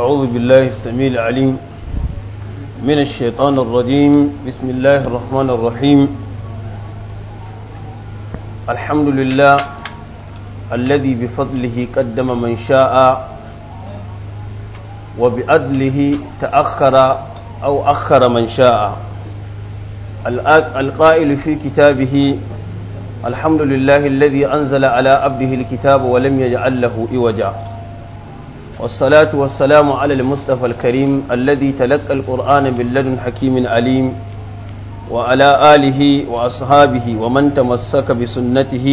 أعوذ بالله السميع العليم من الشيطان الرجيم بسم الله الرحمن الرحيم الحمد لله الذي بفضله قدم من شاء وبأدله تأخر أو أخر من شاء القائل في كتابه الحمد لله الذي أنزل على عبده الكتاب ولم يجعل له إوجا والصلاة والسلام على المصطفى الكريم الذي تلقى القرآن من لدن حكيم عليم وعلى آله وأصحابه ومن تمسك بسنته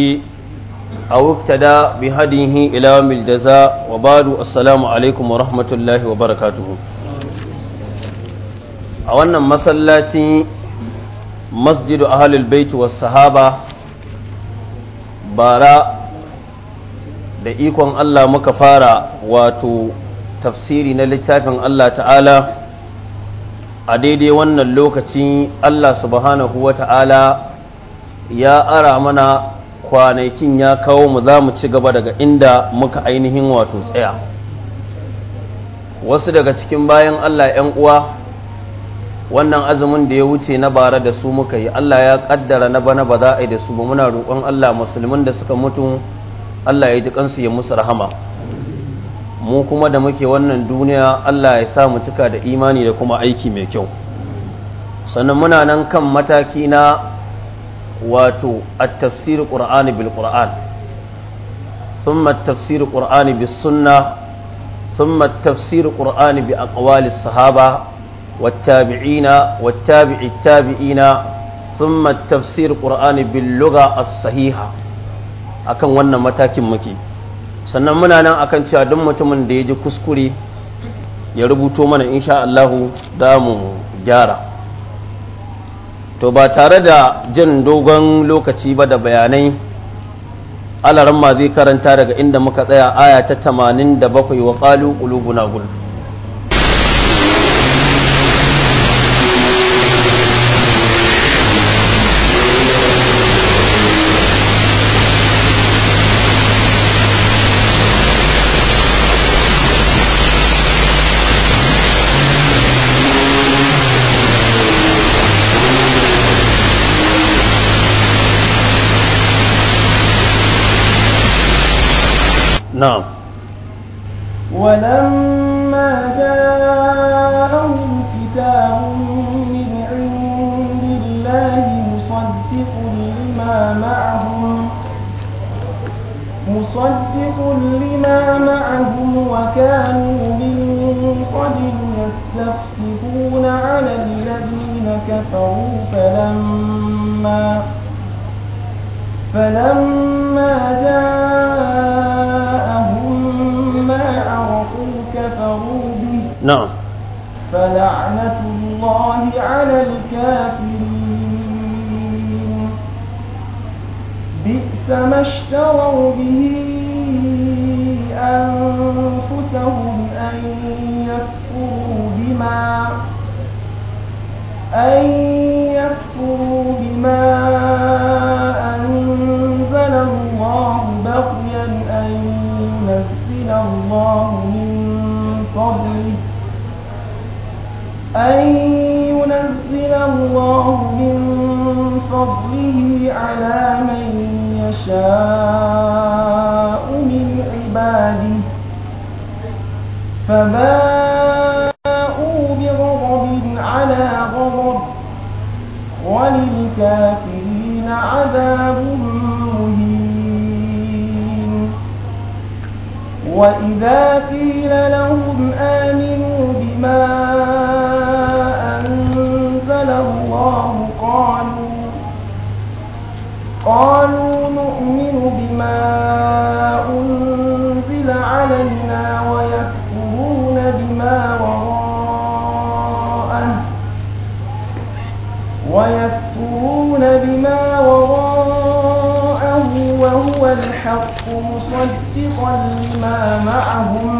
أو اقتدى بهديه إلى يوم الجزاء وبعد السلام عليكم ورحمة الله وبركاته أولا مسلاتي مسجد أهل البيت والصحابة bara da ikon Allah muka fara wato tafsiri na littafin Allah ta'ala a daidai wannan lokaci Allah subhanahu wa ta'ala ya ara mana kwanakin ya kawo mu za mu ci gaba daga inda muka ainihin wato tsaya wasu daga cikin bayan Allah 'yan uwa wannan azumin da ya wuce na bara da su muka yi Allah ya ƙaddara na bana ba za a yi da su ba muna roƙon Allah musulmin da suka mutu Allah ya ji kansu ya musu rahama mu kuma da muke wannan duniya Allah ya sa mu cika da imani da kuma aiki mai kyau sannan muna nan kan mataki na wato at-tafsir qur'ani bil qur'an thumma at-tafsir qur'ani bis sunnah thumma at-tafsir qur'ani bi aqwali sahaba والتابعين والتابع التابعين ثم التفسير القرآن باللغة sahiha akan wannan matakin muke sannan muna nan akan cewa duk mutumin da ya ji kuskure ya rubuto mana insha Allahu da mu gyara to ba tare da jin dogon lokaci ba da bayanai alaran ma zai karanta daga inda muka tsaya aya ta 87 wa qalu qulubuna gulf نعم ولما جاءهم كتاب من عند الله مصدق لما معهم مصدق لما معهم وكانوا من قبل يستفتحون على الذين كفروا فلما فلما جاءهم ما عرفوا كفروا به نعم فلعنة الله على الكافرين بئس ما اشتروا به أنفسهم أن يكفروا بما أن يكفروا بما أنزل الله بغيا أن ينزل الله من أن ينزل الله من فضله على من يشاء من عباده فبارك وإذا قيل لهم آمنوا بما أنزل الله قالوا قالوا نؤمن بما أنزل علينا ويكفرون بما وراءه ويكفرون بما وراءه وهو الحق مصدقا لما معهم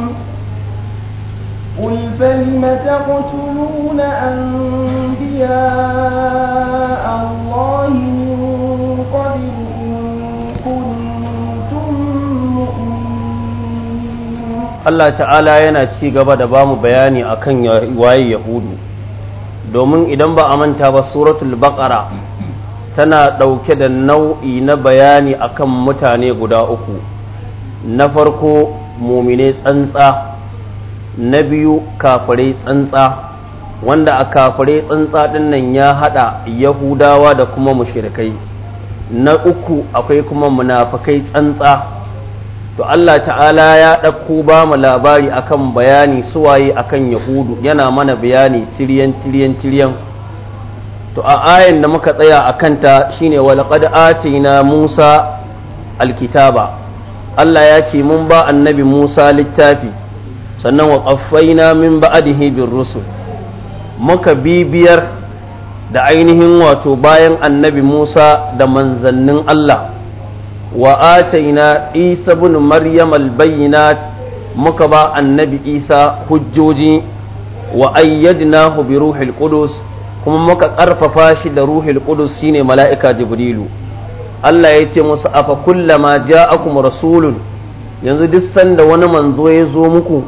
قل فلم تقتلون أنبياء الله من قبل إن كنتم مؤمنين الله تعالى ينأتي قبل بام بياني أكن واي يهود domin idan ba a manta ba suratul baqara tana ɗauke da nau'i na bayani akan mutane guda uku na farko mumine tsantsa na biyu kafare tsantsa wanda a kafare tsantsa ɗin nan ya haɗa yahudawa da kuma mushirikai na uku akwai kuma munafakai tsantsa to Allah ta'ala ya ɗauko ba mu labari akan bayani suwaye akan yahudu yana mana bayani tiriyan tiriyan tiriyan to a ayin da muka tsaya a kanta shine walaqad na musa alkitaba Allah ya ce mun ba annabi Musa littafi sannan wa qaffaina min ba'dihi bir rusul muka bibiyar da ainihin wato bayan annabi Musa da manzannin Allah wa ataina Isa ibn Maryam muka ba annabi Isa hujjoji wa ayyadnahu bi ruhil qudus kuma muka ƙarfafa shi da ruhul qudus shine mala'ika jibrilu Allah ya ce musu afa kullama ja'akum rasulun yanzu duk sanda wani manzo ya zo muku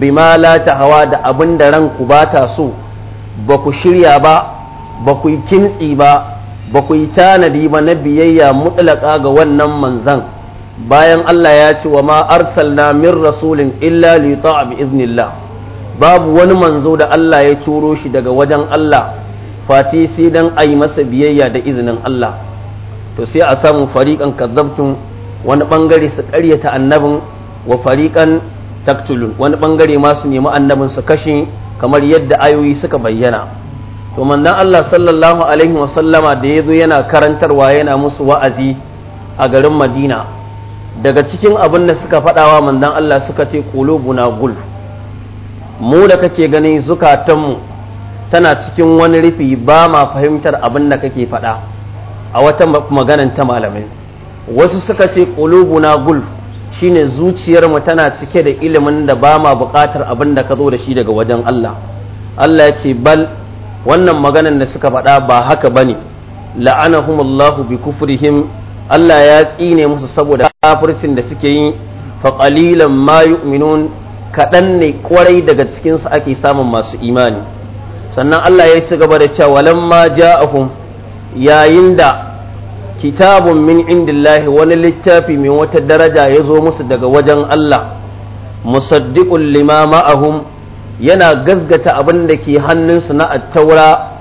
bima la hawa da abin da ranku ba ta so ba ku shirya ba ba ku yi kintsi ba ba ku yi tanadi ba na biyayya mutlaka ga wannan manzan bayan Allah ya ce wa ma arsalna min rasulin illa li ta'a bi iznillah babu wani manzo da Allah ya turo shi daga wajen Allah fati sai dan ayi masa biyayya da izinin Allah to sai a samu fariƙan kazzabtun wani bangare su ƙaryata annabin wa fariƙan taktulun wani bangare masu su nemi annabin su kashe kamar yadda ayoyi suka bayyana to manzon Allah sallallahu alaihi wa sallama da yazo yana karantarwa yana musu wa'azi a garin Madina daga cikin abin da suka faɗawa manzon Allah suka ce qulubuna gul mu da kake ganin zukatanmu tana cikin wani rufi ba ma fahimtar abin da kake faɗa a wata maganan ta malamai wasu suka ce na gulf shine zuciyar mu tana cike da ilimin da ba ma buƙatar abin da ka zo da shi daga wajen Allah Allah ya ce bal wannan maganan da suka faɗa ba haka ba bane la'anahumullahu bi kufrihim Allah ya tsine musu saboda kafircin da suke yi fa qalilan ma yu'minun kaɗan ne kwarai daga cikinsu ake samun masu imani sannan Allah ya ci gaba da cewa a ja'ahum yayin da kitabun min indillahi wani littafi mai wata daraja ya zo musu daga wajen Allah musaddiqun lima ma'ahum yana gazgata abin da ke hannunsu na attaura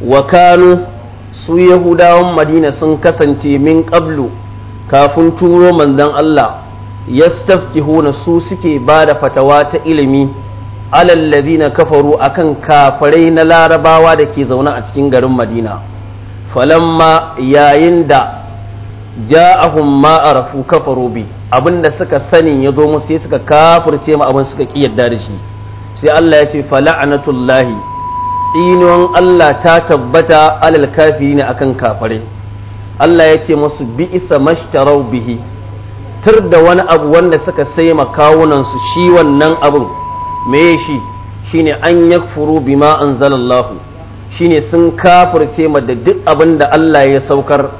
wa kanu su yahudawan madina sun kasance min ƙablu, kafin turo manzon Allah ya yastaftihuna su suke ba da fatawa ta ilimi alallazi na kafaru kan kafarai na larabawa da ke zaune a cikin garin madina falamma yayin da ja a ma arafu kafaru bi abinda suka sani ya zo musu sai suka kafirce ma abin suka ki yadda da shi sai Allah ya ce fala'anatullahi tsinuwan Allah ta tabbata alal kafiri ne akan kafare Allah ya ce musu bi isa mashtarau bihi tur da wani abu wanda suka sai ma kawunan su shi wannan abin me shi shine an yakfuru bima anzalallahu shine sun kafirce ma da duk abin da Allah ya saukar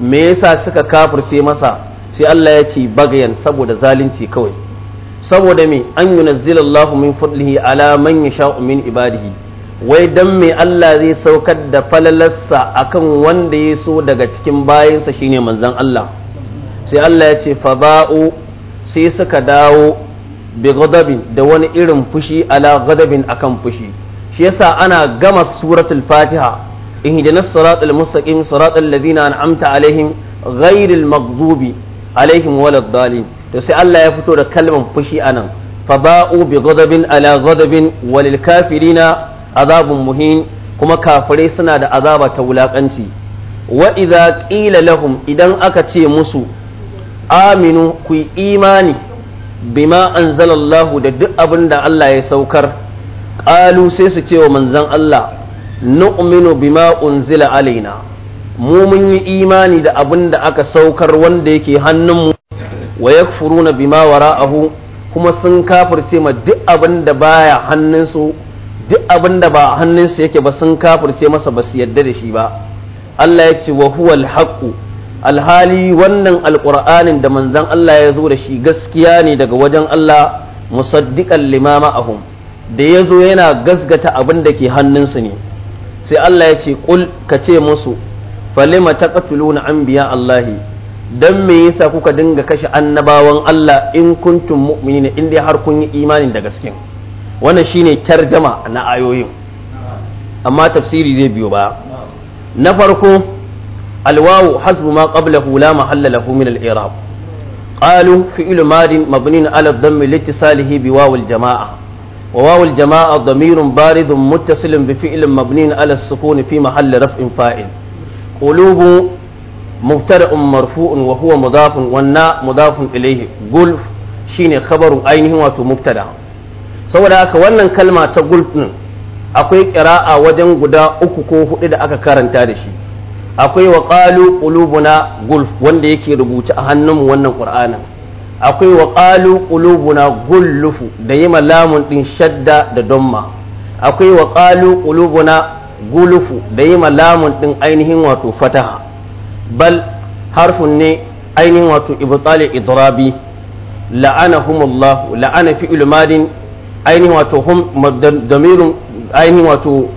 me yasa suka kafirce masa sai Allah ya ce bagayan saboda zalunci kawai saboda me an yunazzila Allah min fadlihi ala man yasha'u min ibadihi wai dan me Allah zai saukar da falalarsa akan wanda ya so daga cikin bayansa shine manzon Allah sai Allah ya ce faba'u sai suka dawo bi da wani irin fushi ala ghadabin akan fushi shi yasa ana gama suratul fatiha ihdinas siratal mustaqim siratal ladina an'amta alaihim ghairil maghdubi alaihim dalin to sai Allah ya fito da kalmar fushi anan faba'u bi ghadabin ala ghadabin walil kafirina azabun muhin kuma kafirai suna da azaba ta wulakanci wa idza qila lahum idan aka ce musu aminu ku imani bima anzalallahu da duk abin da Allah ya saukar qalu sai su ce wa manzon Allah nu'minu bima unzila alaina mu mun yi imani da abinda aka saukar wanda yake hannunmu wa yakfuruna bima wara'ahu kuma sun kafirce ma duk abin da baya hannunsu duk abin da ba hannunsu yake ba sun kafirce masa ba su yadda da shi ba Allah ya ce wa huwal haqqu alhali wannan alqur'anin da manzon Allah ya zo da shi gaskiya ne daga wajen Allah musaddiqan limama ahum da ya zo yana gasgata abin da ke hannunsu ne sai Allah ya ce kul ka ce musu falima an biya Allahi dan me yasa kuka dinga kashe annabawan Allah in kuntum mumini inda har kun yi imanin da gaske wannan shine tarjama na ayoyin amma tafsiri zai biyo ba na farko alwawu hasbu ma qablahu hula mahalla lahu min al-i'rab qalu fi'lu madin mabnin ala dhammi litisalihi biwaw al-jama'a وواو الجماعة ضمير بارد متصل بفعل مبني على السكون في محل رفع فاعل قلوب مبتدأ مرفوع وهو مضاف والناء مضاف إليه قل شين خبر عينه واتو مبتدأ saboda haka wannan kalma ta gulf din akwai ƙira'a wajen guda uku ko hudu da aka karanta da shi akwai wa qalu qulubuna gulf wanda yake rubuta a hannunmu wannan qur'anin akwai wa ƙalu ƙulubuna gullufu da yi lamun ɗin shadda da domma akwai wa ƙalu ƙulubuna gulufu da yi lamun ɗin ainihin wato fataha bal harfin ne ainihin wato ibtali idrabi la'anahumullah la'ana fi ilmadin ainihin wato hum damirun ainihin wato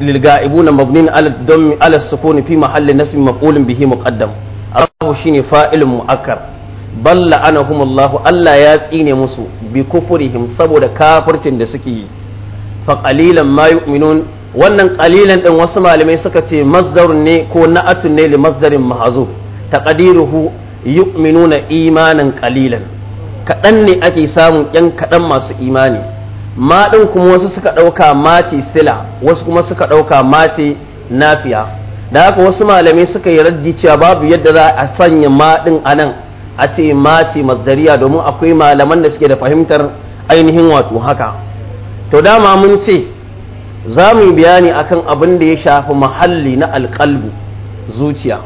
للغائبون مبنين على الدم على السكون في محل نسب مفعول به shine أراه mu'akkar. bal la'anahumullahu Allah ya tsine musu bi kufurihim saboda kafircin da suke yi fa qalilan ma yu'minun wannan qalilan din wasu malamai suka ce masdarun ne ko na'atun ne li masdarin mahzuf taqdiruhu yu'minuna imanan qalilan kadan ne ake samun yan kadan masu imani ma din kuma wasu suka dauka mati sila wasu kuma suka dauka mati nafiya da haka wasu malamai suka yi raddi cewa babu yadda za a sanya ma din anan a ce mace masdariya domin akwai malaman da suke da fahimtar ainihin wato haka to dama mun ce za mu yi bayani akan abin da ya shafi muhalli na alƙalbu zuciya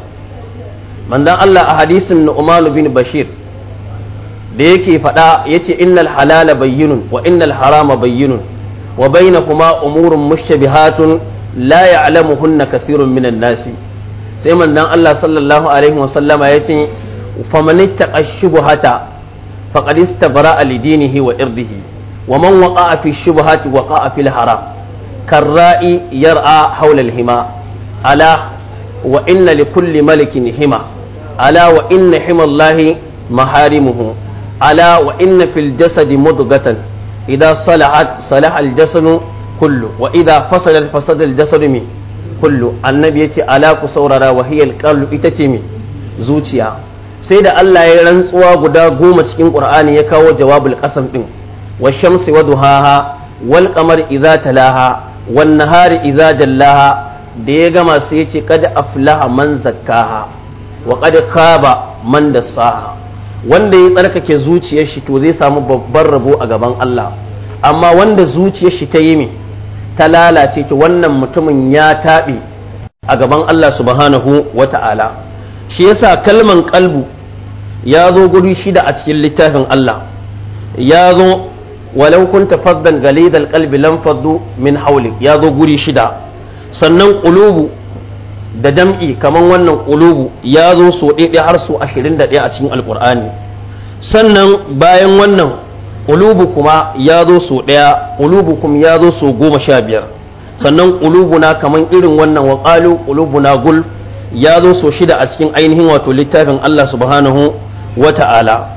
mandan Allah a hadisin Nu'man bin Bashir da yake faɗa yace innal halala bayyinun wa innal harama bayyinun wa bainakuma umurun mushtabihatun la ya'lamuhunna kathirun minan nasi sai mandan Allah sallallahu alaihi wasallama yace faman ittaqa shubhata faqad istabra li dinihi wa irdihi wa man waqa'a fi shubhati waqa'a fil haram karra'i yar'a hawla al hima ala wa inna li kulli malikin hima ala wa inna himallahi maharimuhu ala wa inna fil jasadi mudghatan idha salahat salaha al jasadu kullu wa idha fasadat fasada al jasadu min kullu annabi yace ala ku saurara wa hiya al ita ce mi zuciya sai da Allah ya rantsuwa guda goma cikin Qur'ani ya kawo jawabul qasam din shamsi wa duhaha wal qamar idza talaha wan nahari idza jallaha da ya gama sai ya ce kad aflaha man zakkaha wa kad khaba man dassaha wanda ya tsarkake zuciyar shi to zai samu babban rabo a gaban Allah amma wanda zuciyar shi ta yi ta lalace to wannan mutumin ya taɓi." a gaban Allah subhanahu wata'ala shi yasa kalman kalbu ya zo guri shida a cikin littafin Allah ya zo walau kunta faddan galidal qalbi lam faddu min hawlik ya zo guri shida sannan kulubu da jam'i kaman wannan kulubu ya zo so ɗaya har so ɗaya a cikin Alƙur'ani sannan bayan wannan kulubu kuma ya zo so ɗaya kulubu kuma ya zo so goma sha biyar sannan na kaman irin wannan wa kulubu na gulf ya zo so shida a cikin ainihin wato littafin Allah subhanahu wa ta'ala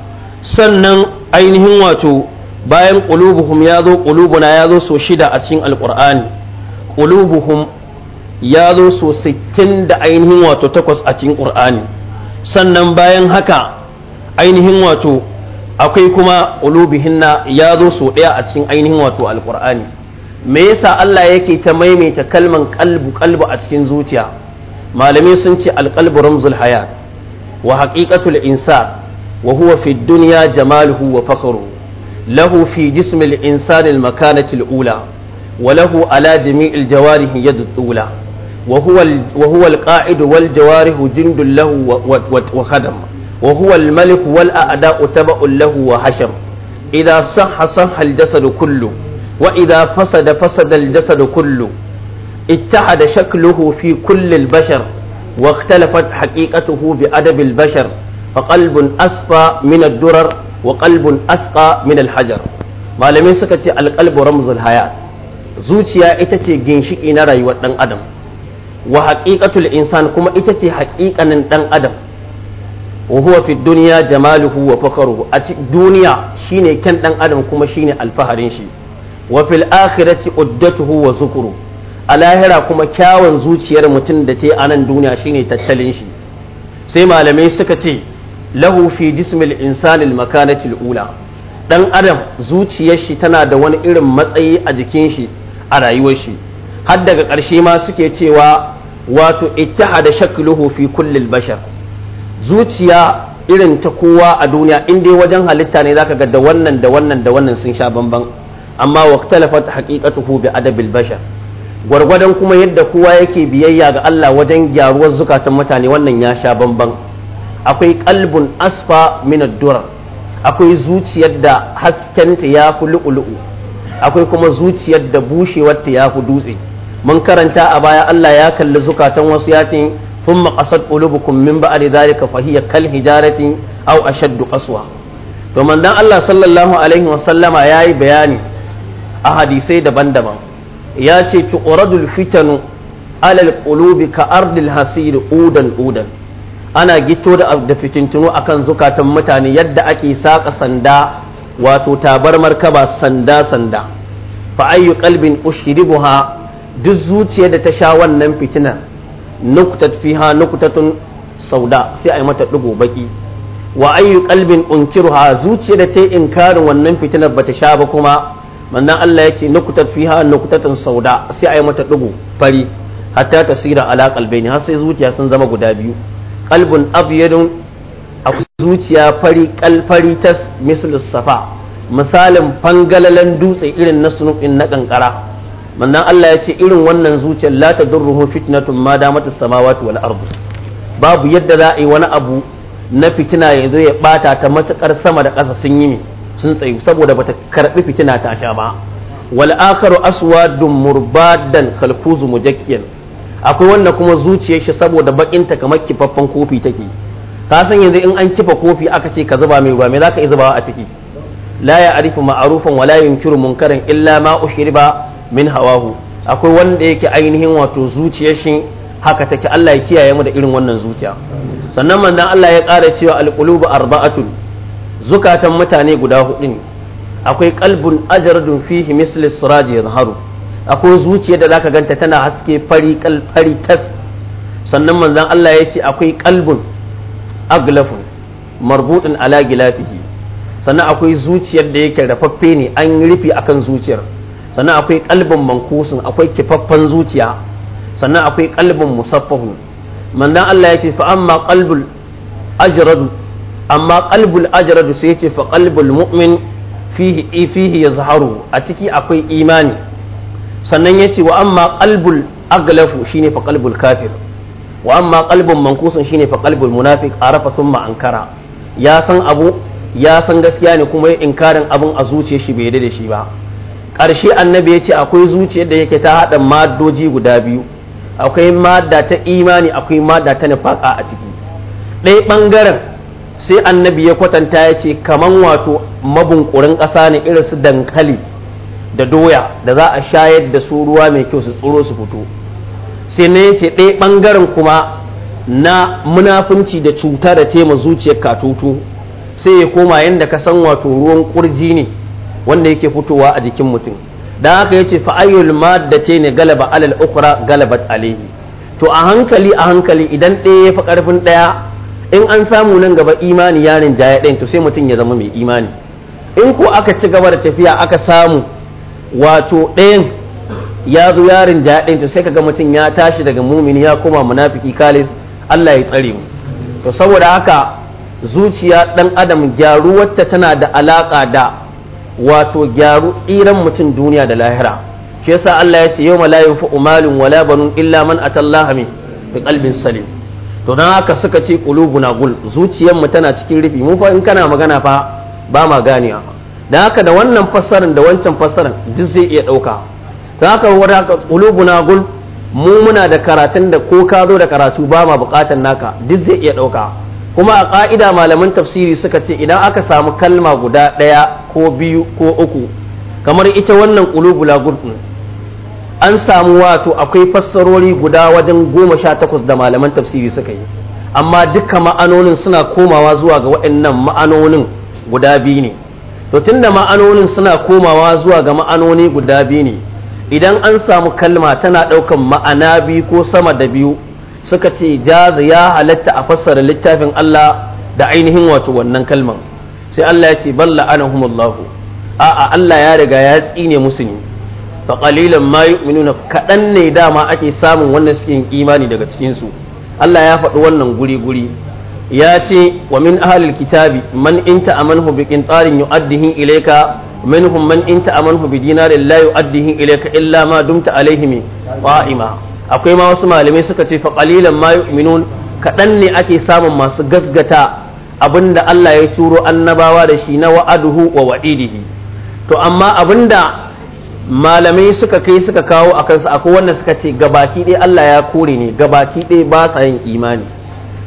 sannan ainihin wato bayan ƙulubuhum ya zo ƙulubuna ya zo so shida a cikin alƙur'ani ƙulubuhum ya zo so sittin da ainihin wato takwas a cikin ƙur'ani sannan bayan haka ainihin wato akwai kuma na ya zo so ɗaya a cikin ainihin wato alƙur'ani me yasa Allah yake ta maimaita kalman kalbu kalbu a cikin zuciya malami sun ce alqalbu ramzul hayat wa haƙiƙatul insa wa huwa fi dunya jamaluhu wa fakhruhu lahu fi jismil insani makanati ula wa lahu ala jami'il jawarihi yadda tula wa huwa wa wal jawarihu jindun lahu wa khadam wa huwa al wal a'da'u tab'un lahu wa hasham idha sahha sahha al-jasad kullu wa idha fasada fasada al-jasad kullu اتحد شكله في كل bi adabil bashar بأدب البشر asfa أصفى durar wa وقلب أسقى من hajar malamai suka ce alƙalbu ramzul hayat zuciya ita ce ginshiki na rayuwar ɗan adam wa haƙiƙatul insan kuma ita ce haƙiƙanin ɗan adam wa huwa fi duniya jamaluhu wa fakaruhu a duniya shine kyan ɗan adam kuma shine alfaharin shi wa fil akhirati uddatuhu wa zukuru a lahira kuma kyawun zuciyar mutum da ta yi anan duniya shine tattalin shi sai malamai suka ce lahu fi jismil insanil makanatil ula dan adam zuciyar shi tana da wani irin matsayi a jikin shi a rayuwar shi har daga ƙarshe ma suke cewa wato ittihada shakluhu fi kullil bashar zuciya irin ta kowa a duniya in dai wajen halitta ne zaka ga da wannan da wannan da wannan sun sha bamban amma waqtalafat haqiqatuhu bi adabil bashar gwargwadon kuma yadda kowa yake biyayya ga Allah wajen gyaruwar zukatan mutane wannan ya sha bamban akwai kalbun asfa min akwai zuciyar da haskenta ya fi lu'ulu'u akwai kuma zuciyar da bushewarta ya fi dutse mun karanta a baya Allah ya kalli zukatan wasu ya ce thumma qasad qulubukum min ba'di dhalika fa hiya kal hijaratin aw ashaddu qaswa to manzon Allah sallallahu alaihi wa sallama yayi bayani a hadisai daban-daban ya ce tu'radul fitanu alal qulubi ka ardil hasir udan udan ana gito da da fitintuno akan zukatan mutane yadda ake saka sanda wato tabarmar kaba sanda sanda fa ayyu qalbin ushribuha duk zuciya da ta sha wannan fitinar nuktat fiha nuktatun sauda sai a yi mata digo baki wa ayyu qalbin unkiruha zuciya da ta inkarin wannan fitinar bata sha ba kuma manzon Allah yace nukutat fiha nukutatan sauda sai ayi mata dugu fari hatta tasira ala qalbaini har sai zuciya sun zama guda biyu qalbun abyadun a zuciya fari kalfari tas mislu safa misalin fangalalan dutse irin na sunubin na kankara mannan Allah ya irin wannan zuciyar la ta durruhu fitnatun ma damat as-samawati wal ardh babu yadda za a yi wani abu na fitina yanzu ya bata ta matukar sama da ƙasa sun yi sun tsayu saboda bata karbi fitina ta sha ba wal akharu aswadun murbadan kalkuzu mujakkiyan akwai wanda kuma zuciyar shi saboda bakin ta kamar kifaffen kofi take ka san yanzu in an kifa kofi aka ce ka zuba mai ruwa me zaka iya zubawa a ciki la ya arifu ma'arufan wala yunkiru munkaran illa ma ushriba min hawahu akwai wanda yake ainihin wato zuciyar shi haka take Allah ya kiyaye mu da irin wannan zuciya sannan manzon Allah ya ƙara cewa alqulubu arba'atun zukatan mutane guda hudu ne akwai kalbun ajardun fihi misli siraji haru. akwai zuciya da zaka ganta tana haske fari kal fari tas sannan manzon Allah ya ce akwai kalbun aglafun marbudin ala gilafihi sannan akwai zuciyar da yake rafaffe ne an rufe akan zuciyar sannan akwai kalbin mankusun akwai kifaffen zuciya sannan akwai kalbin musaffahu manzon Allah ya ce fa amma qalbul ajradu amma qalbul ajrad sai yace fa qalbul mu'min fihi fihi yazharu a ciki akwai imani sannan yace wa amma qalbul aglafu shine fa qalbul kafir wa amma qalbun mankusun shine fa munafik a arafa summa ankara ya san abu ya san gaskiya ne kuma ya inkarin abun a zuciyar shi bai da shi ba ƙarshe annabi ya ce akwai zuciyar da yake ta haɗa madoji guda biyu akwai madda ta imani akwai madda ta nifaka a ciki ɗaya ɓangaren sai annabi ya kwatanta ya ce kaman wato mabunkurin ƙasa ne irin su dankali da doya da za a shayar da su ruwa mai kyau su tsoro su fito sai na yace ɗaya ɓangaren kuma na munafunci da cuta da tema zuciyar katutu sai ya koma yadda ka san wato ruwan ƙurji ne wanda yake fitowa a jikin mutum da haka yace fa ayyul maddati ne galaba alal ukhra galabat alayhi to a hankali a hankali idan ɗaya ya fi ƙarfin ɗaya in an samu nan gaba imani yarin jaya ɗin to sai mutum ya zama mai imani in ko aka ci gaba da tafiya aka samu wato ɗayan ya zo yarin jaya ɗin to sai kaga mutum ya tashi daga mumini ya koma munafiki kalis Allah ya tsare mu to saboda haka zuciya ɗan adam gyaruwarta tana da alaƙa da wato gyaru tsiran mutum duniya da lahira shi yasa Allah ya ce yau ma la umalin wala banun illa man atallaha min bi qalbin salim to don haka suka ce qulubuna gul mu tana cikin rufi mu fa in kana magana fa ba ma ganewa don haka da wannan fassarar da wancan fassarar duk zai iya ɗauka ta haka wadda haka gul mu muna da karatun da ko ka zo da karatu ba ma bukatan naka duk zai iya ɗauka kuma a ƙa'ida malaman tafsiri suka ce idan aka samu kalma guda ɗaya ko biyu ko uku kamar ita wannan qulubula gul an samu wato akwai fassarori guda wajen goma sha takwas da malaman tafsiri suka yi amma duka ma'anonin suna komawa zuwa ga waɗannan ma'anonin guda biyu ne to tunda ma'anonin suna komawa zuwa ga ma'anoni guda biyu ne idan an samu kalma tana ɗaukan ma'ana biyu ko sama da biyu suka ce jaza ya halatta a fassara littafin Allah da ainihin wato wannan kalman sai Allah ya ce balla anahumullahu a'a Allah ya riga ya tsine musu ne fa qalilan ma yu'minuna kadan ne dama ake samun wannan cikin imani daga cikin su Allah ya faɗi wannan guri guri ya ce wa min ahlil kitabi man inta amanhu bi qintarin yu'addihi ilayka minhum man inta amanhu bi dinarin la yu'addihi ilayka illa ma dumta alaihim qa'ima akwai ma wasu malamai suka ce fa qalilan ma yu'minun kadan ne ake samun masu gasgata abinda Allah ya turo annabawa da shi na wa'aduhu wa wa'idihi to amma abinda malamai suka kai suka kawo a kansu akwai wanda suka ce gabaki ɗaya Allah ya kore ne gabaki ɗaya ba sa yin imani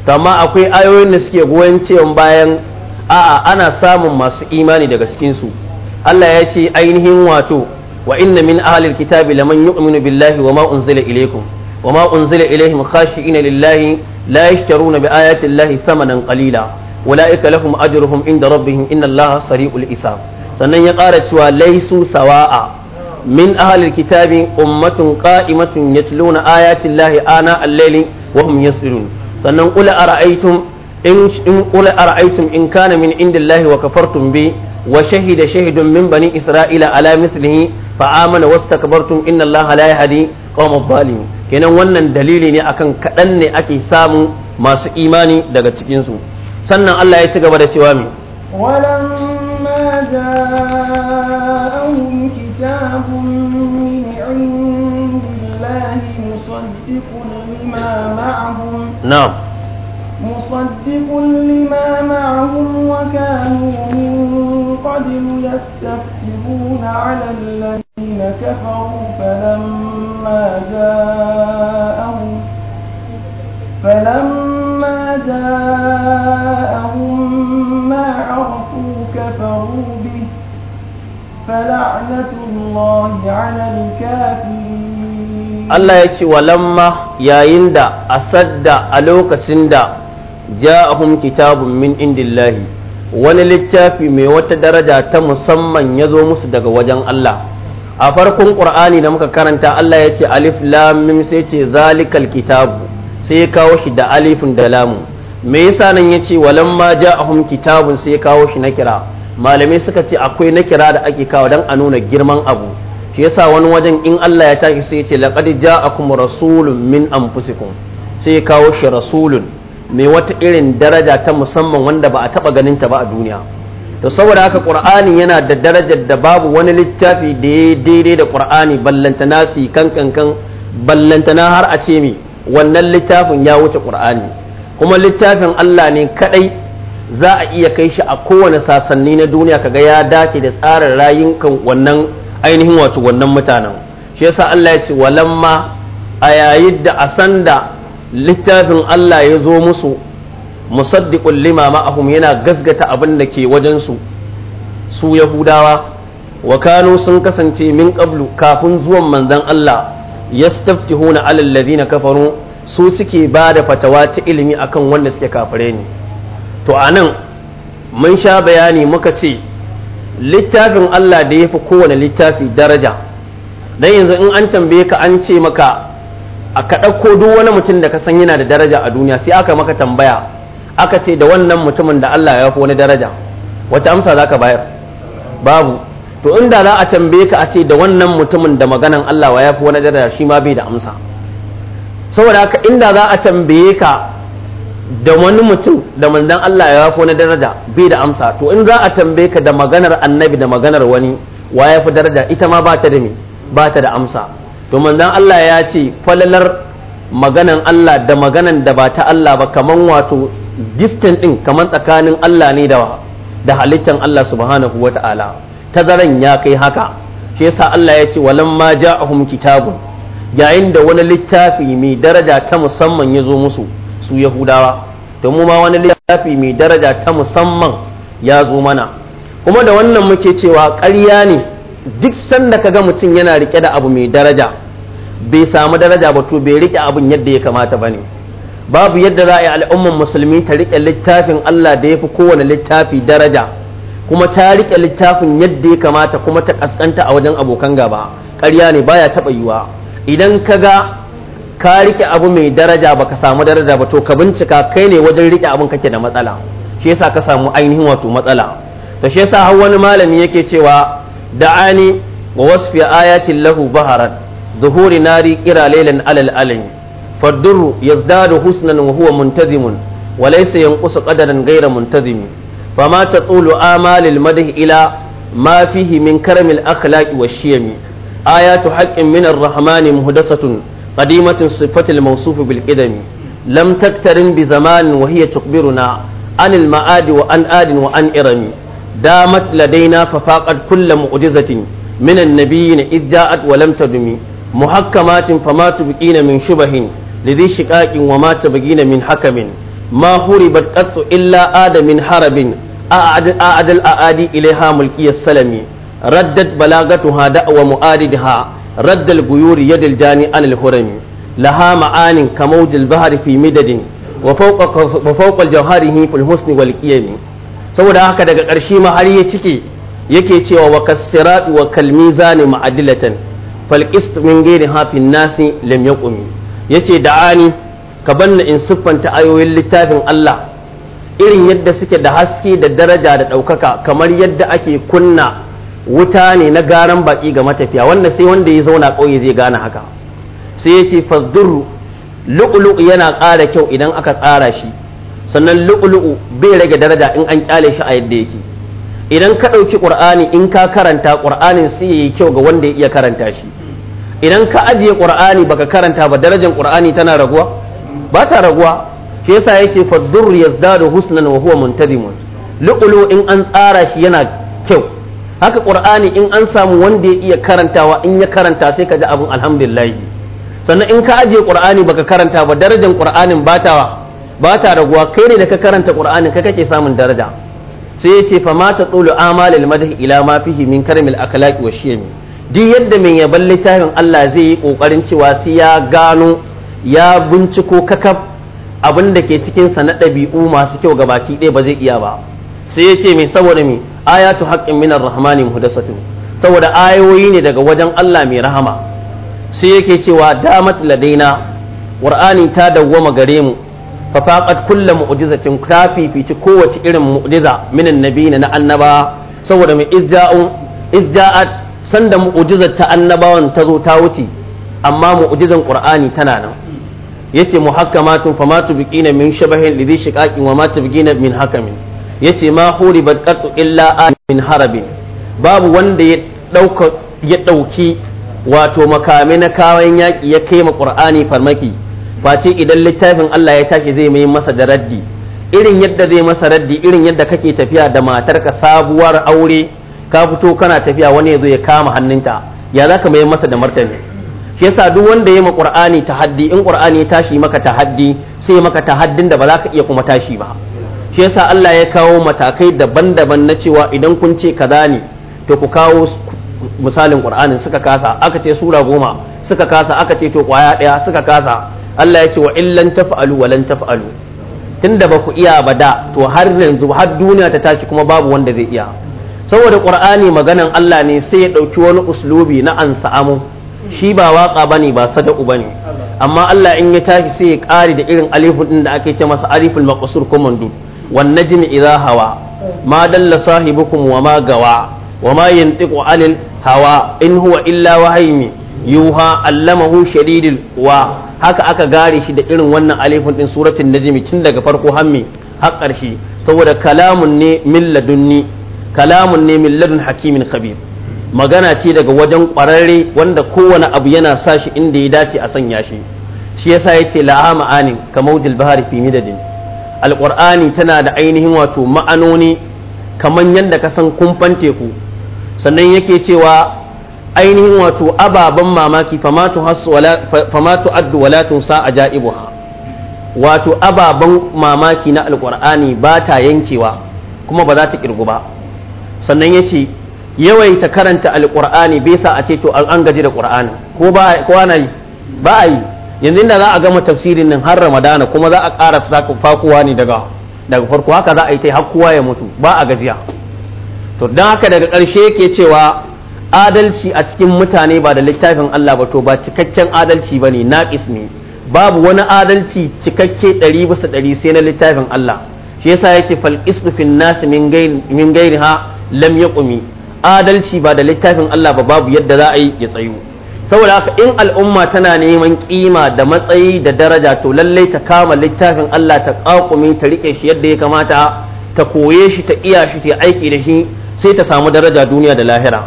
amma akwai ayoyin da suke goyon cewa bayan a'a ana samun masu imani daga cikin su Allah ya ce ainihin wato wa inna min ahlil kitabi laman yu'minu billahi wa ma unzila ilaykum wa ma unzila ilayhim khashi'ina lillahi la yashtaruna bi ayati llahi thamanan qalila ulaika lahum ajruhum inda rabbihim inna allaha sari'ul isab sannan ya ƙara cewa laisu sawa'a min ahalin kitabi ummatun qa'imatun yatluna ayati llahi ana al-layli wa hum yasirun sannan qul ara'aytum in in qul ara'aytum in kana min indillahi wa kafartum bi wa shahida shahidun min bani isra'ila ala mislihi fa amana wastakbartum inna allaha la yahdi qawmal zalimin kenan wannan dalili ne akan kaɗan ne ake samu masu imani daga cikinsu sannan Allah ya ci gaba da cewa mi walamma نعم مصدق لما معهم وكانوا من قبل يستفتحون على الذين كفروا فلما جاءهم فلما جاءهم ما عرفوا كفروا به فلعنة الله على الكافرين Allah ya ce walamma yayin da a sadda a lokacin da ja'ahum kitabun min indillahi wani littafi mai wata daraja ta musamman ya zo musu daga wajen Allah a farkon ƙur'ani da muka karanta Allah ya ce alif lamim sai ce zalikal kitabu sai ya kawo shi da alifin da lamu me yasa nan ya ce walamma ja'ahum kitabun sai ya kawo shi na kira malamai suka ce akwai na kira da ake kawo don a nuna girman abu shi yasa wani wajen in Allah ya tashi sai ya ce laqad ja'akum rasulun min anfusikum sai ya kawo shi rasulun mai wata irin daraja ta musamman wanda ba a taɓa ganin ta ba a duniya to saboda haka qur'ani yana da darajar da babu wani littafi da ya daidai da qur'ani na su kan kankan ballanta na har a ce mi wannan littafin ya wuce qur'ani kuma littafin Allah ne kadai za a iya kai shi a kowane sasanni na duniya ka ga ya dace da tsarin rayukan wannan ainihin wato wannan mutanen shi yasa Allah ya ce walamma a yayin da a sanda littafin Allah ya zo musu musaddiqul lima ma'ahum yana gasgata abin da ke wajen su su yahudawa wa kanu sun kasance min qablu kafin zuwan manzon Allah yastaftihuna alal ladina kafaru su suke ba da fatawa ta ilimi akan wanda suke kafire ne to anan mun sha bayani muka ce littafin Allah da ya fi kowane littafi daraja don yanzu in an tambaye ka an ce maka a ka ɗauko duk wani mutum da ka san yana da daraja a duniya sai aka maka tambaya aka ce da wannan mutumin da Allah ya fi wani daraja wata amsa za ka bayar babu to inda za a tambaye ka a ce da wannan mutumin da maganan Allah ya fi wani daraja shi ma bai da amsa saboda haka inda za a tambaye ka da wani mutum da manzon Allah ya fi na daraja bai da amsa to in za a tambaye ka da maganar annabi da maganar wani wa ya fi daraja ita ma ba ta da me ba ta da amsa to manzon Allah ya ce falalar maganan Allah da maganan da ba ta Allah ba kaman wato distan din kaman tsakanin Allah ne da da halittan Allah subhanahu wata'ala tazaran ya kai haka shi yasa Allah ya ce ma ja'ahum kitabun yayin da wani littafi mai daraja ta musamman ya zo musu su yahudawa to mu ma wani littafi mai daraja ta musamman ya zo mana kuma da wannan muke cewa ƙarya ne duk sanda ka ga mutum yana rike da abu mai daraja bai samu daraja ba to bai rike abin yadda ya kamata ba ne babu yadda za a yi al'umman musulmi ta riƙe littafin Allah da ya fi kowane littafi daraja kuma ta riƙe littafin yadda ya kamata kuma ta kaskanta a wajen abokan gaba ƙarya ne baya taɓa yiwa idan ka ga ka rike abu mai daraja baka samu daraja ba to ka bincika kai ne wajen rike abin kake da matsala shi yasa ka samu ainihin wato matsala to shi yasa har wani malami yake cewa da'ani wa wasfi ayatin lahu baharat zuhuri nari kira lailan alal alin faddur yazdadu husnan wa huwa muntazimun wa laysa yanqusu qadaran ghayra muntazimi fama tatulu amalil madh ila ma fihi min karamil akhlaqi wash shiyami ayatu haqqin min ar-rahmani muhdathatun قديمة الصفة الموصوف بالقدم لم تكترن بزمان وهي تخبرنا عن المعاد وعن آد وعن إرم دامت لدينا ففاقت كل معجزة من النبيين إذ جاءت ولم تدم محكمات فما تبقين من شبه لذي شقاق وما تبقين من حكم ما هربت قط إلا آد من حرب أعد الأعادي إليها ملكي السلم ردت بلاغتها دأوى مؤاددها raddal guyuri yadil jani anil hurami laha ma'anin kamaujil bahari fi midadin wa fawqa jawharihi fil husni wal qiyami saboda haka daga ƙarshe ma har ya cike yake cewa wa kassirat wa kalmizani ma'adilatan fal qist min ghairi hafin nasi lam yaqumi yace ani, ka banna in siffanta ayoyin littafin Allah irin yadda suke da haske da daraja da ɗaukaka kamar yadda ake kunna wuta ne na garan baki ga matafiya wanda sai wanda ya zauna ƙauye zai gane haka sai ya ce fasdur lu'lu'u yana ƙara kyau idan aka tsara shi sannan lu'lu'u bai rage daraja in an kyale shi a yadda yake idan ka ɗauki ƙur'ani in ka karanta ƙur'anin sai yayi kyau ga wanda ya iya karanta shi idan ka ajiye ƙur'ani baka karanta ba darajar ƙur'ani tana raguwa ba ta raguwa shi yasa yake faddur yazdadu husnan wa huwa muntadimun lu'lu in an tsara shi yana kyau haka qur'ani in an samu wanda ya iya karantawa in ya karanta sai ka ji abin alhamdulillah sannan in ka ajiye qur'ani baka karanta ba darajar qur'anin bata ba raguwa kai ne da ka karanta qur'anin ka kake samun daraja sai yace fa ma ta tulu amalil madh ila ma fihi min karamil akhlaqi wa shiyami duk yadda mai yaban littafin Allah zai yi kokarin cewa sai ya gano ya binciko kakaf abin da ke cikin sa na ɗabi'u masu kyau gabaki ɗaya ba zai iya ba sai ya ce me saboda me ayatu haƙƙin minar rahmani muhdathatu saboda ayoyi ne daga wajen Allah mai rahama sai yake cewa damat ladaina qur'ani ta dawwama gare mu fa faqat kullu mu'jizatin ta fifici kowace irin mu'jiza minan nabiyina na annaba saboda mai izja'un izja'at sanda mu'jizar ta annabawan ta zo ta wuce amma mu'ujizan ƙur'ani tana nan yace muhakkamatun famatu biqina min shabahin lidhi shiqaqin wa matu biƙina min hakamin yace ma huribat qattu illa min harabin babu wanda ya ɗauki wato makami na kayan yaki ya kai ma qur'ani farmaki face idan littafin Allah ya tashi zai mai masa da raddi irin yadda zai masa raddi irin yadda kake tafiya da matarka sabuwar aure ka fito kana tafiya wani ya zo ya kama hannunta ya za ka mai masa da martani shi yasa duk wanda ya ma qur'ani tahaddi in ƙur'ani ya tashi maka tahaddi sai maka tahaddin da ba za ka iya kuma tashi ba shi yasa Allah ya kawo matakai daban-daban na cewa idan kun ce kaza ne to ku kawo misalin Qur'anin suka kasa aka ce sura goma suka kasa aka ce to kwaya daya suka kasa Allah ya ce wa illan taf'alu wa lan taf'alu tunda ba ku iya ba da to har yanzu har duniya ta tashi kuma babu wanda zai iya saboda Qur'ani maganan Allah ne sai ya ɗauki wani uslubi na ansa'amu shi ba waka bane ba sada'u bane amma Allah in ya tashi sai ya kare da irin alifu ɗin da ake ce masa aliful maqsur ko mandu. wan najmi idha hawa ma dalla sahibukum wa ma gawa wa ma yantiqu anil hawa in huwa illa wahaymi yuha allamahu haka aka gare shi da irin wannan alifin din suratul najmi tun daga farko hammi har ƙarshe saboda kalamun ne min ladunni kalamun ne min ladun hakimin khabir magana ce daga wajen ƙwararre wanda kowane abu yana sa shi inda ya dace a sanya shi shi yasa yake la'a ma'anin kamar bahari fi midadin alƙur'ani tana da ainihin wato ma'anoni kamar yadda ka san kumfan teku sannan yake cewa ainihin wato ababen mamaki famatu addu wala a ja'ibuha wato ababen mamaki na alƙur'ani ba ta yankewa kuma ba za ta ƙirgu ba sannan ya ce yawaita karanta alƙur'ani bai sa a ce to an gaji da ƙur'ani ko ba a yanzu da za a gama tafsirin nan har ramadana kuma za a ƙara fakuwa ne daga daga farko haka za a yi ta kowa ya mutu ba a gajiya to don haka daga ƙarshe yake cewa adalci a cikin mutane ba da littafin Allah ba to ba cikakken adalci ba ne na ne babu wani adalci cikakke ɗari bisa ɗari sai na littafin Allah shi yasa yake fal fin nasi min gairi ha lam yaqumi adalci ba da littafin Allah ba babu yadda za a yi ya tsayu saboda haka in al'umma tana neman kima da matsayi da daraja to lallai ta kama littafin Allah ta kakumi ta rike shi yadda ya kamata ta koye shi ta iya shi ta aiki da shi sai ta samu daraja duniya da lahira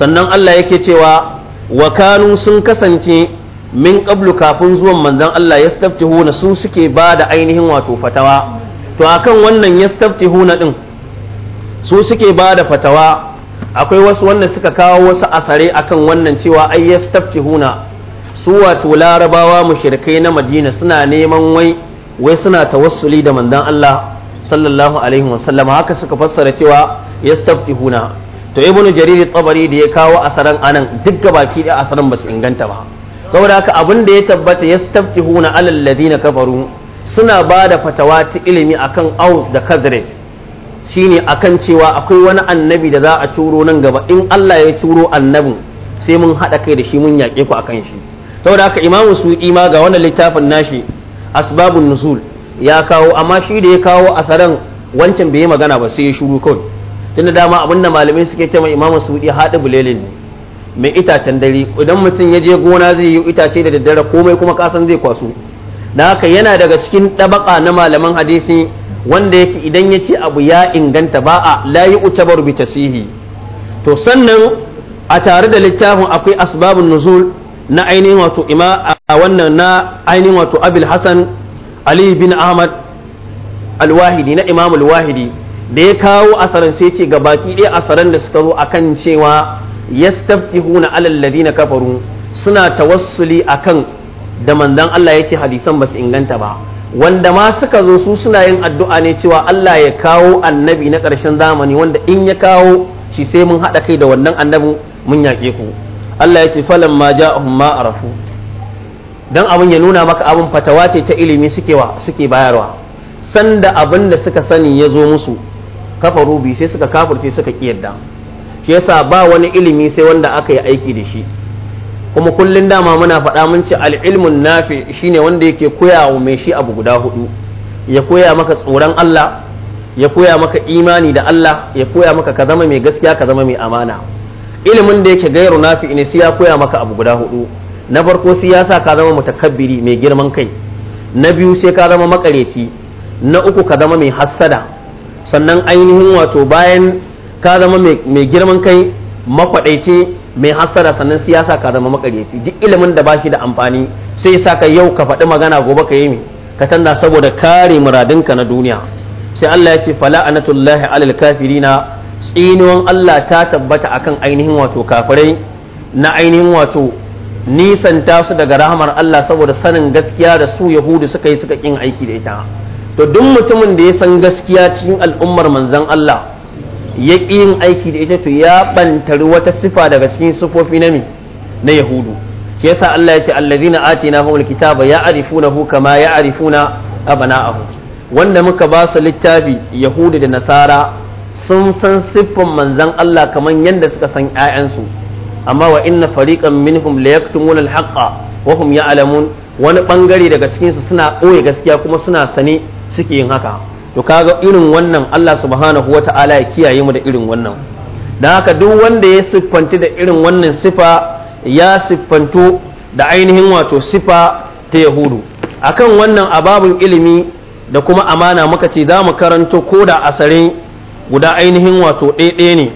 sannan Allah yake cewa wa kanu sun kasance min qablu kafin zuwan manzon Allah yastaftihuna su suke ba da ainihin wato fatawa to akan wannan yastaftihuna din su suke ba da fatawa akwai wasu wanda suka kawo wasu asare akan wannan cewa ai huna. su wato larabawa mushrikai na madina suna neman wai wai suna tawassuli da mandan Allah sallallahu alaihi wasallam haka suka fassara cewa huna, to ibnu jarir tabari da ya kawo asaran anan duk gabaki da asaran basu inganta ba saboda haka abin da ya tabbata yastaftihuna alal ladina kafaru suna ba da fatawa ta ilimi akan aus da khazraj shine akan cewa akwai wani annabi da za a turo nan gaba in Allah ya turo annabin sai mun haɗa kai da shi mun yaƙe ku akan shi saboda haka imamu su ma ga wannan littafin nashi asbabun nusul ya kawo amma shi da ya kawo asaran wancan bai yi magana ba sai ya shuru kawai tunda dama abin da malamai suke cewa imamu suudi haɗa bulelin ne mai itacen dare idan mutum ya je gona zai yi itace da daddare komai kuma kasan zai kwaso da haka yana daga cikin ɗabaka na malaman hadisi wanda yake idan ya ce abu ya inganta ba a layi utabar bi tasihi to sannan a tare da littafin akwai asbabun nuzul na ainihin wato ima a wannan na ainihin wato abil hasan ali bin ahmad alwahidi na imam alwahidi da ya kawo asaran sai ce ga baki ɗaya asaran da suka zo akan cewa yastaftihuna alal ladina kafaru suna tawassuli akan da manzon Allah yake hadisan ba su inganta ba wanda ma suka zo su suna yin addu'a ne cewa Allah ya kawo annabi na ƙarshen zamani wanda in ya kawo shi sai mun haɗa kai da wannan annabi mun yaƙe ku Allah ya ce falan ma ja'ahum ma arafu dan abin ya nuna maka abin fatawa ce ta ilimi suke wa suke bayarwa sanda abin da suka sani ya zo musu kafaru bi sai suka kafirce suka kiyarda shi yasa ba wani ilimi sai wanda aka yi aiki da shi kuma kullun dama muna faɗa mun ce al'ilmun nafi shine wanda yake koya wa mai shi abu guda hudu ya koya maka tsoron Allah ya koya maka imani da Allah ya koya maka ka zama mai gaskiya ka zama mai amana ilimin da yake gairu nafi ne sai koya maka abu guda hudu na farko sai ya sa ka zama mutakabbiri mai girman kai na biyu sai ka zama makareci na uku ka zama mai hassada sannan ainihin wato bayan ka zama mai girman kai makwaɗaice mai hassara sannan siyasa ka zama makaryaci duk ilimin da ba shi da amfani sai sa ka yau ka faɗi magana gobe ka yi mi ka tanda saboda kare muradinka na duniya sai Allah ya ce fala anatullahi alal kafirina tsinuwan Allah ta tabbata akan ainihin wato kafirai na ainihin wato nisanta su daga rahamar Allah saboda sanin gaskiya da su yahudu suka yi suka kin aiki da ita to duk mutumin da ya san gaskiya cikin al'ummar manzon Allah ya ƙi yin aiki da ita to ya bantari wata sifa daga cikin sifofi na na yahudu ke yasa Allah ya ce allazina atina humul kitaba ya arifunahu kama ya arifuna abana'ahu wanda muka ba su littafi yahudu da nasara sun san siffan manzon Allah kaman yanda suka san ƴaƴansu amma wa inna fariqan minhum la yaktumuna al haƙa wa hum ya'lamun wani ɓangare daga cikin su suna ɓoye gaskiya kuma suna sane suke yin haka to kaga irin wannan Allah subhanahu wata'ala ya kiyaye mu da irin wannan don haka duk wanda ya siffanti da irin wannan sifa ya siffantu da ainihin wato sifa ta yahudu akan wannan ababin ilimi da kuma amana muka ce za mu karanto ko da asarin guda ainihin wato ɗaiɗaya ne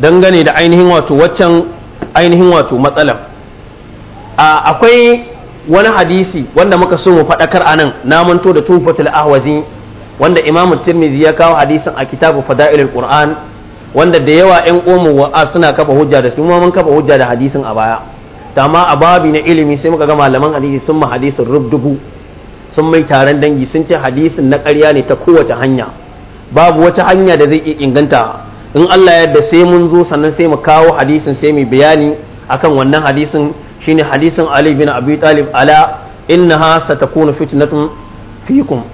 dangane da ainihin wato waccan ainihin wato matsalar akwai wani hadisi wanda muka so mu faɗakar a nan na da tufatul ahwazi wanda Imam Tirmidhi ya kawo hadisin a kitabu Fada'ilul Qur'an wanda da yawa ƴan umu wa suna kafa hujja da su mun kafa hujja da hadisin a baya amma a babi na ilimi sai muka ga malaman hadisi sun ma hadisin rubdubu sun mai taron dangi sun ce hadisin na ƙarya ne ta kowace hanya babu wata hanya da zai iya inganta in Allah yadda sai mun zo sannan sai mu kawo hadisin sai mu bayani akan wannan hadisin shine hadisin Ali bin Abi Talib ala innaha satakunu fitnatun fikum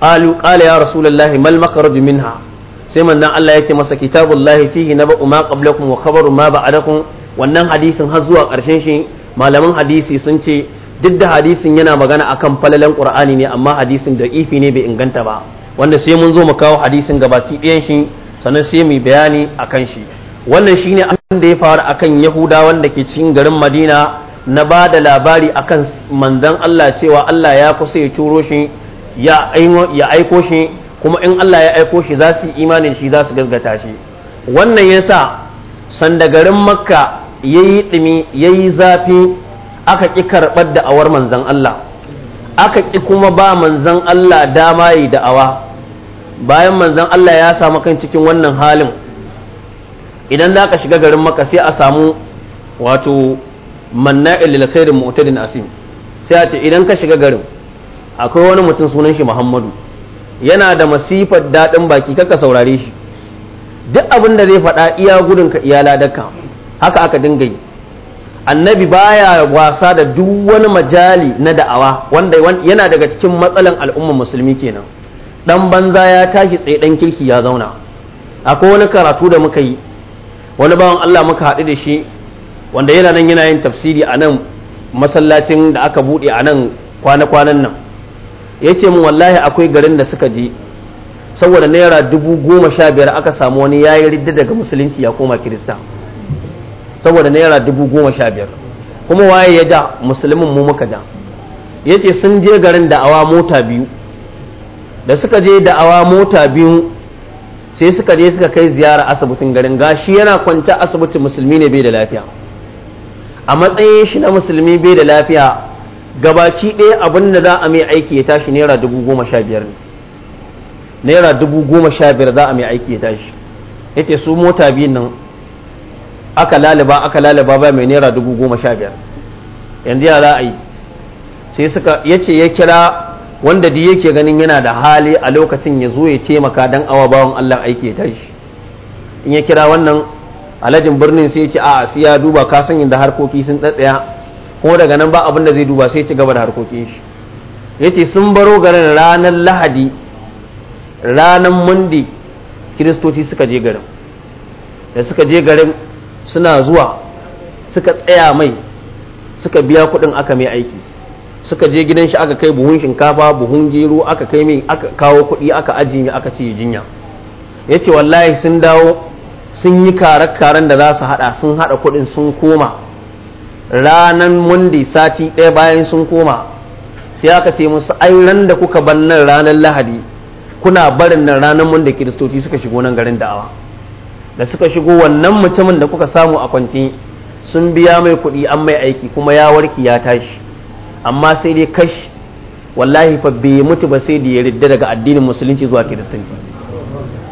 qalu qala ya rasulullahi mal makhraj minha sai manzon Allah yake masa kitabullahi fihi naba'u ma qablakum wa khabaru ma ba'dakum wannan hadisin har zuwa ƙarshen shi malaman hadisi sun ce duk da hadisin yana magana akan falalan qur'ani ne amma hadisin da ifi ne bai inganta ba wanda sai mun zo mu kawo hadisin gabaki ɗayan shi sannan sai mu bayani akan shi wannan shine an da ya faru akan yahuda wanda ke cikin garin madina na ba da labari akan Manzan Allah cewa Allah ya kusa ya turo shi ya aiko shi kuma in Allah ya aiko shi za su yi imani shi za su gaskata shi wannan yasa garin makka yayi dumi yayi zafi aka ki karɓar da awar manzan Allah aka ki kuma ba manzan Allah dama yi awa bayan manzan Allah ya samu kan cikin wannan halin idan za ka shiga garin makka sai a samu wato manna'il lil khairin mu'tadin asim sai a ce idan ka shiga garin akwai wani mutum sunan shi muhammadu yana da masifar daɗin baki kaka saurare shi duk abin da zai faɗa iya gudun ka iya ladaka haka aka dinga yi annabi baya wasa da duk wani majali na da'awa wanda yana daga cikin matsalan al'ummar musulmi kenan dan banza ya tashi tsaye dan kirki ya zauna akwai wani karatu da muka yi wani bawan Allah muka haɗu da shi wanda yana nan yana yin tafsiri a nan masallacin da aka buɗe a nan kwana-kwanan nan ya ce min wallahi akwai garin da suka je saboda naira dubu goma sha biyar aka samu wani ya yi ridda daga musulunci ya koma kirista saboda naira dubu goma sha biyar kuma waye ya da musulmin mu muka da. ya ce sun je garin da awa mota biyu da suka je da awa mota biyu sai suka je suka kai ziyara asibitin garin gashi yana kwanta asibitin musulmi ne bai da lafiya a matsayin shi na musulmi bai da lafiya gabaci ɗaya abin da za a mai aiki ya tashi naira dubu goma sha biyar ne naira dubu goma sha biyar za a mai aiki ya tashi ya ce su mota biyun nan aka laliba aka laliba ba mai naira dubu goma sha biyar yanzu ya za a yi sai suka ya ce ya kira wanda da yake ganin yana da hali a lokacin ya zo ya taimaka don awa bawan Allah aiki ya tashi in ya kira wannan alajin birnin sai ya ce a sai ya duba ka san yadda harkoki sun tsaya ko daga nan ba abin da zai duba sai ci gaba da harkokin shi yace sun baro garin ranar lahadi ranar mundi kiristoci suka je garin da suka je garin suna zuwa suka tsaya mai suka biya kuɗin aka mai aiki suka je gidan shi aka kai buhun shinkafa buhun gero aka kai mai aka kawo kudi aka ajiye aka ci jinya yace wallahi sun dawo sun yi karar karen da za su haɗa sun haɗa kuɗin sun koma ranan mundi sati ɗaya bayan sun koma sai aka ce musu ai ran da kuka bar nan ranar lahadi kuna barin nan ranar mundi kiristoci suka shigo nan garin da'awa da suka shigo wannan mutumin da kuka samu a kwanti sun biya mai kuɗi an mai aiki kuma ya warki ya tashi amma sai dai kashi wallahi fa bai mutu ba sai da ya ridda daga addinin musulunci zuwa kiristanci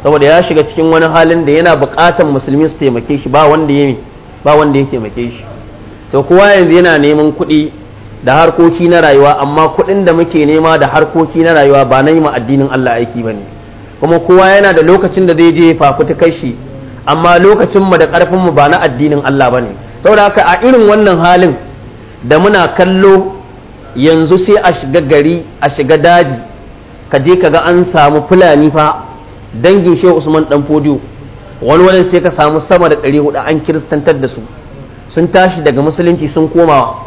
saboda ya shiga cikin wani halin da yana buƙatar musulmi su taimake shi ba wanda ya ba wanda ya taimake shi to kowa yanzu yana neman kuɗi da harkoki na rayuwa amma kuɗin da muke nema da harkoki na rayuwa ba na yi ma addinin Allah aiki ba ne, kuma kowa yana da lokacin da zai je fafuta shi amma lokacin mu da ƙarfin mu ba na addinin Allah ba ne saboda haka a irin wannan halin da muna kallo yanzu sai a shiga gari a shiga daji ka je ka ga an samu fulani fa dangin Shehu Usman dan Fodiyo wani wani sai ka samu sama da hudu an kiristantar da su sun tashi daga musulunci sun koma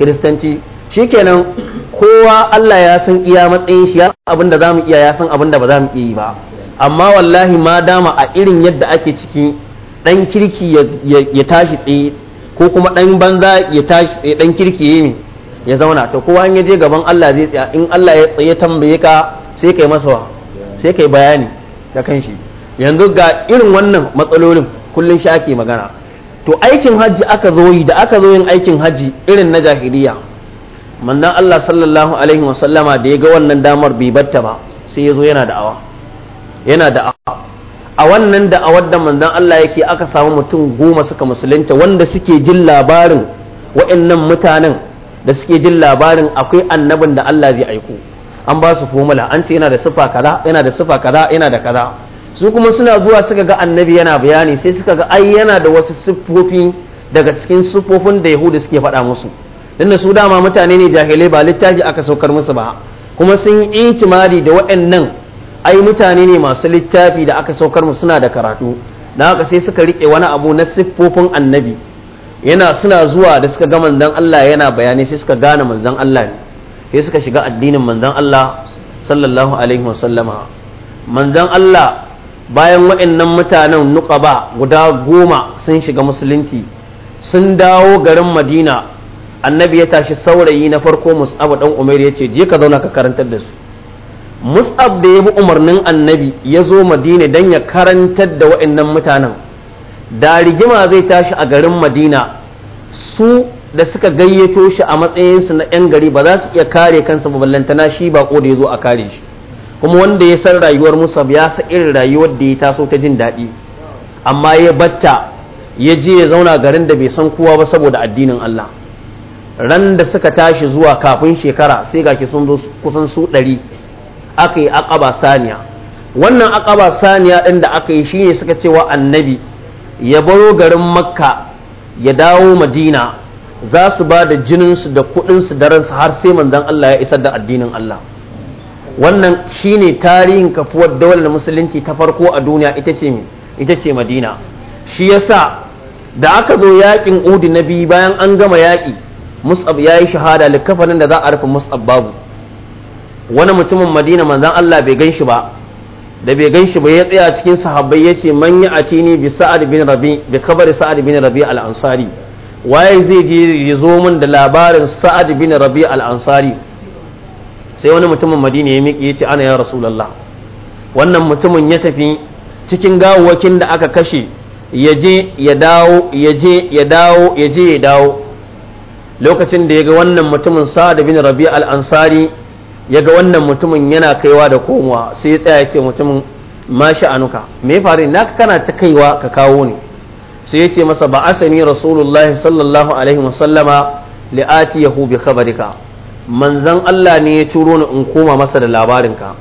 kiristanci Shi kenan kowa Allah ya san iya matsayin shi ya abin da mu iya ya san abin da ba zamu iya yi ba amma wallahi ma dama a irin yadda ake ciki dan kirki ya tashi tsaye ko kuma dan banza ya tashi tsaye dan kirki yayi ya zauna to kowa in ya je gaban Allah zai tsaya in Allah ya tsaye tambaye ka sai kai masa sai kai bayani da kanshi yanzu ga irin wannan matsalolin kullun shi ake magana to aikin hajji aka zo yi da aka zo yin aikin hajji irin na jahiliya manzon Allah sallallahu alaihi wasallama da ya ga wannan damar bai batta ba sai ya zo yana da'awa yana da'awa a wannan da'awar da manzon Allah yake aka samu mutum goma suka musulunta wanda suke jin labarin wa'annan mutanen da suke jin labarin akwai annabin da Allah zai aiko an ba su fomula an ce yana da sifa kaza yana da sifa kaza yana da kaza su kuma suna zuwa suka ga annabi yana bayani sai suka ga ai yana da wasu siffofi daga cikin siffofin da yahudu suke faɗa musu don da su dama mutane ne jahilai ba littafi aka saukar musu ba kuma sun yi itimadi da waɗannan ai mutane ne masu littafi da aka saukar musu suna da karatu na haka sai suka riƙe wani abu na siffofin annabi yana suna zuwa da suka ga manzon Allah yana bayani sai suka gane manzan Allah ne sai suka shiga addinin manzon Allah sallallahu alaihi wasallama manzon Allah bayan waɗannan mutanen nuqaba guda goma sun shiga musulunci sun dawo garin madina annabi ya tashi saurayi na farko mus'ab ɗan umar ya ce je ka zauna ka karantar da su mus'ab da ya bi umarnin annabi ya zo madina dan ya karantar da waɗannan mutanen da rigima zai tashi a garin madina su da suka gayyato shi a matsayinsu na 'yan gari ba za su iya kare kansa ba ballantana shi ba ko da ya zo a kare shi kuma wanda ya san rayuwar Musa ya sa irin rayuwar da ya taso ta jin daɗi amma ya batta ya je ya zauna garin da bai san kowa ba saboda addinin Allah ran da suka tashi zuwa kafin shekara sai gashi sun zo kusan su ɗari aka yi aƙaba saniya wannan aƙaba saniya ɗin da aka yi shi ne suka cewa annabi ya baro garin makka ya dawo madina za su ba da jininsu da kuɗinsu da ransu har sai manzon Allah ya isar da addinin Allah wannan shine tarihin kafuwar da musulunci ta farko a duniya ita ce madina shi yasa da aka zo yaƙin udi na biyu bayan an gama yaƙi mus'ab ya yi shahada likafanin da za a rufe mus'ab babu wani mutumin madina manzan allah bai gan shi ba da bai gan shi ba ya tsaya cikin sahabbai ya ce man yi tini bi sa'ad bin rabi bi kabar sa'ad bin rabi al ansari waye zai je ya zo min da labarin sa'ad bin rabi al ansari sai wani mutumin madina ya miƙe ya ce ana ya rasulallah wannan mutumin ya tafi cikin gawawakin da aka kashe ya je ya dawo ya je ya dawo ya je ya dawo lokacin da ya ga wannan mutumin sa'ad bin rabi al-ansari ya ga wannan mutumin yana kaiwa da komowa sai ya tsaya ce mutumin ma sha'anuka me faru naka kana ta kaiwa ka kawo ne sai ya ce masa ba asani rasulullahi sallallahu alaihi wasallama yahu bi khabarika manzan Allah ne ya turo ni in koma masa da labarinka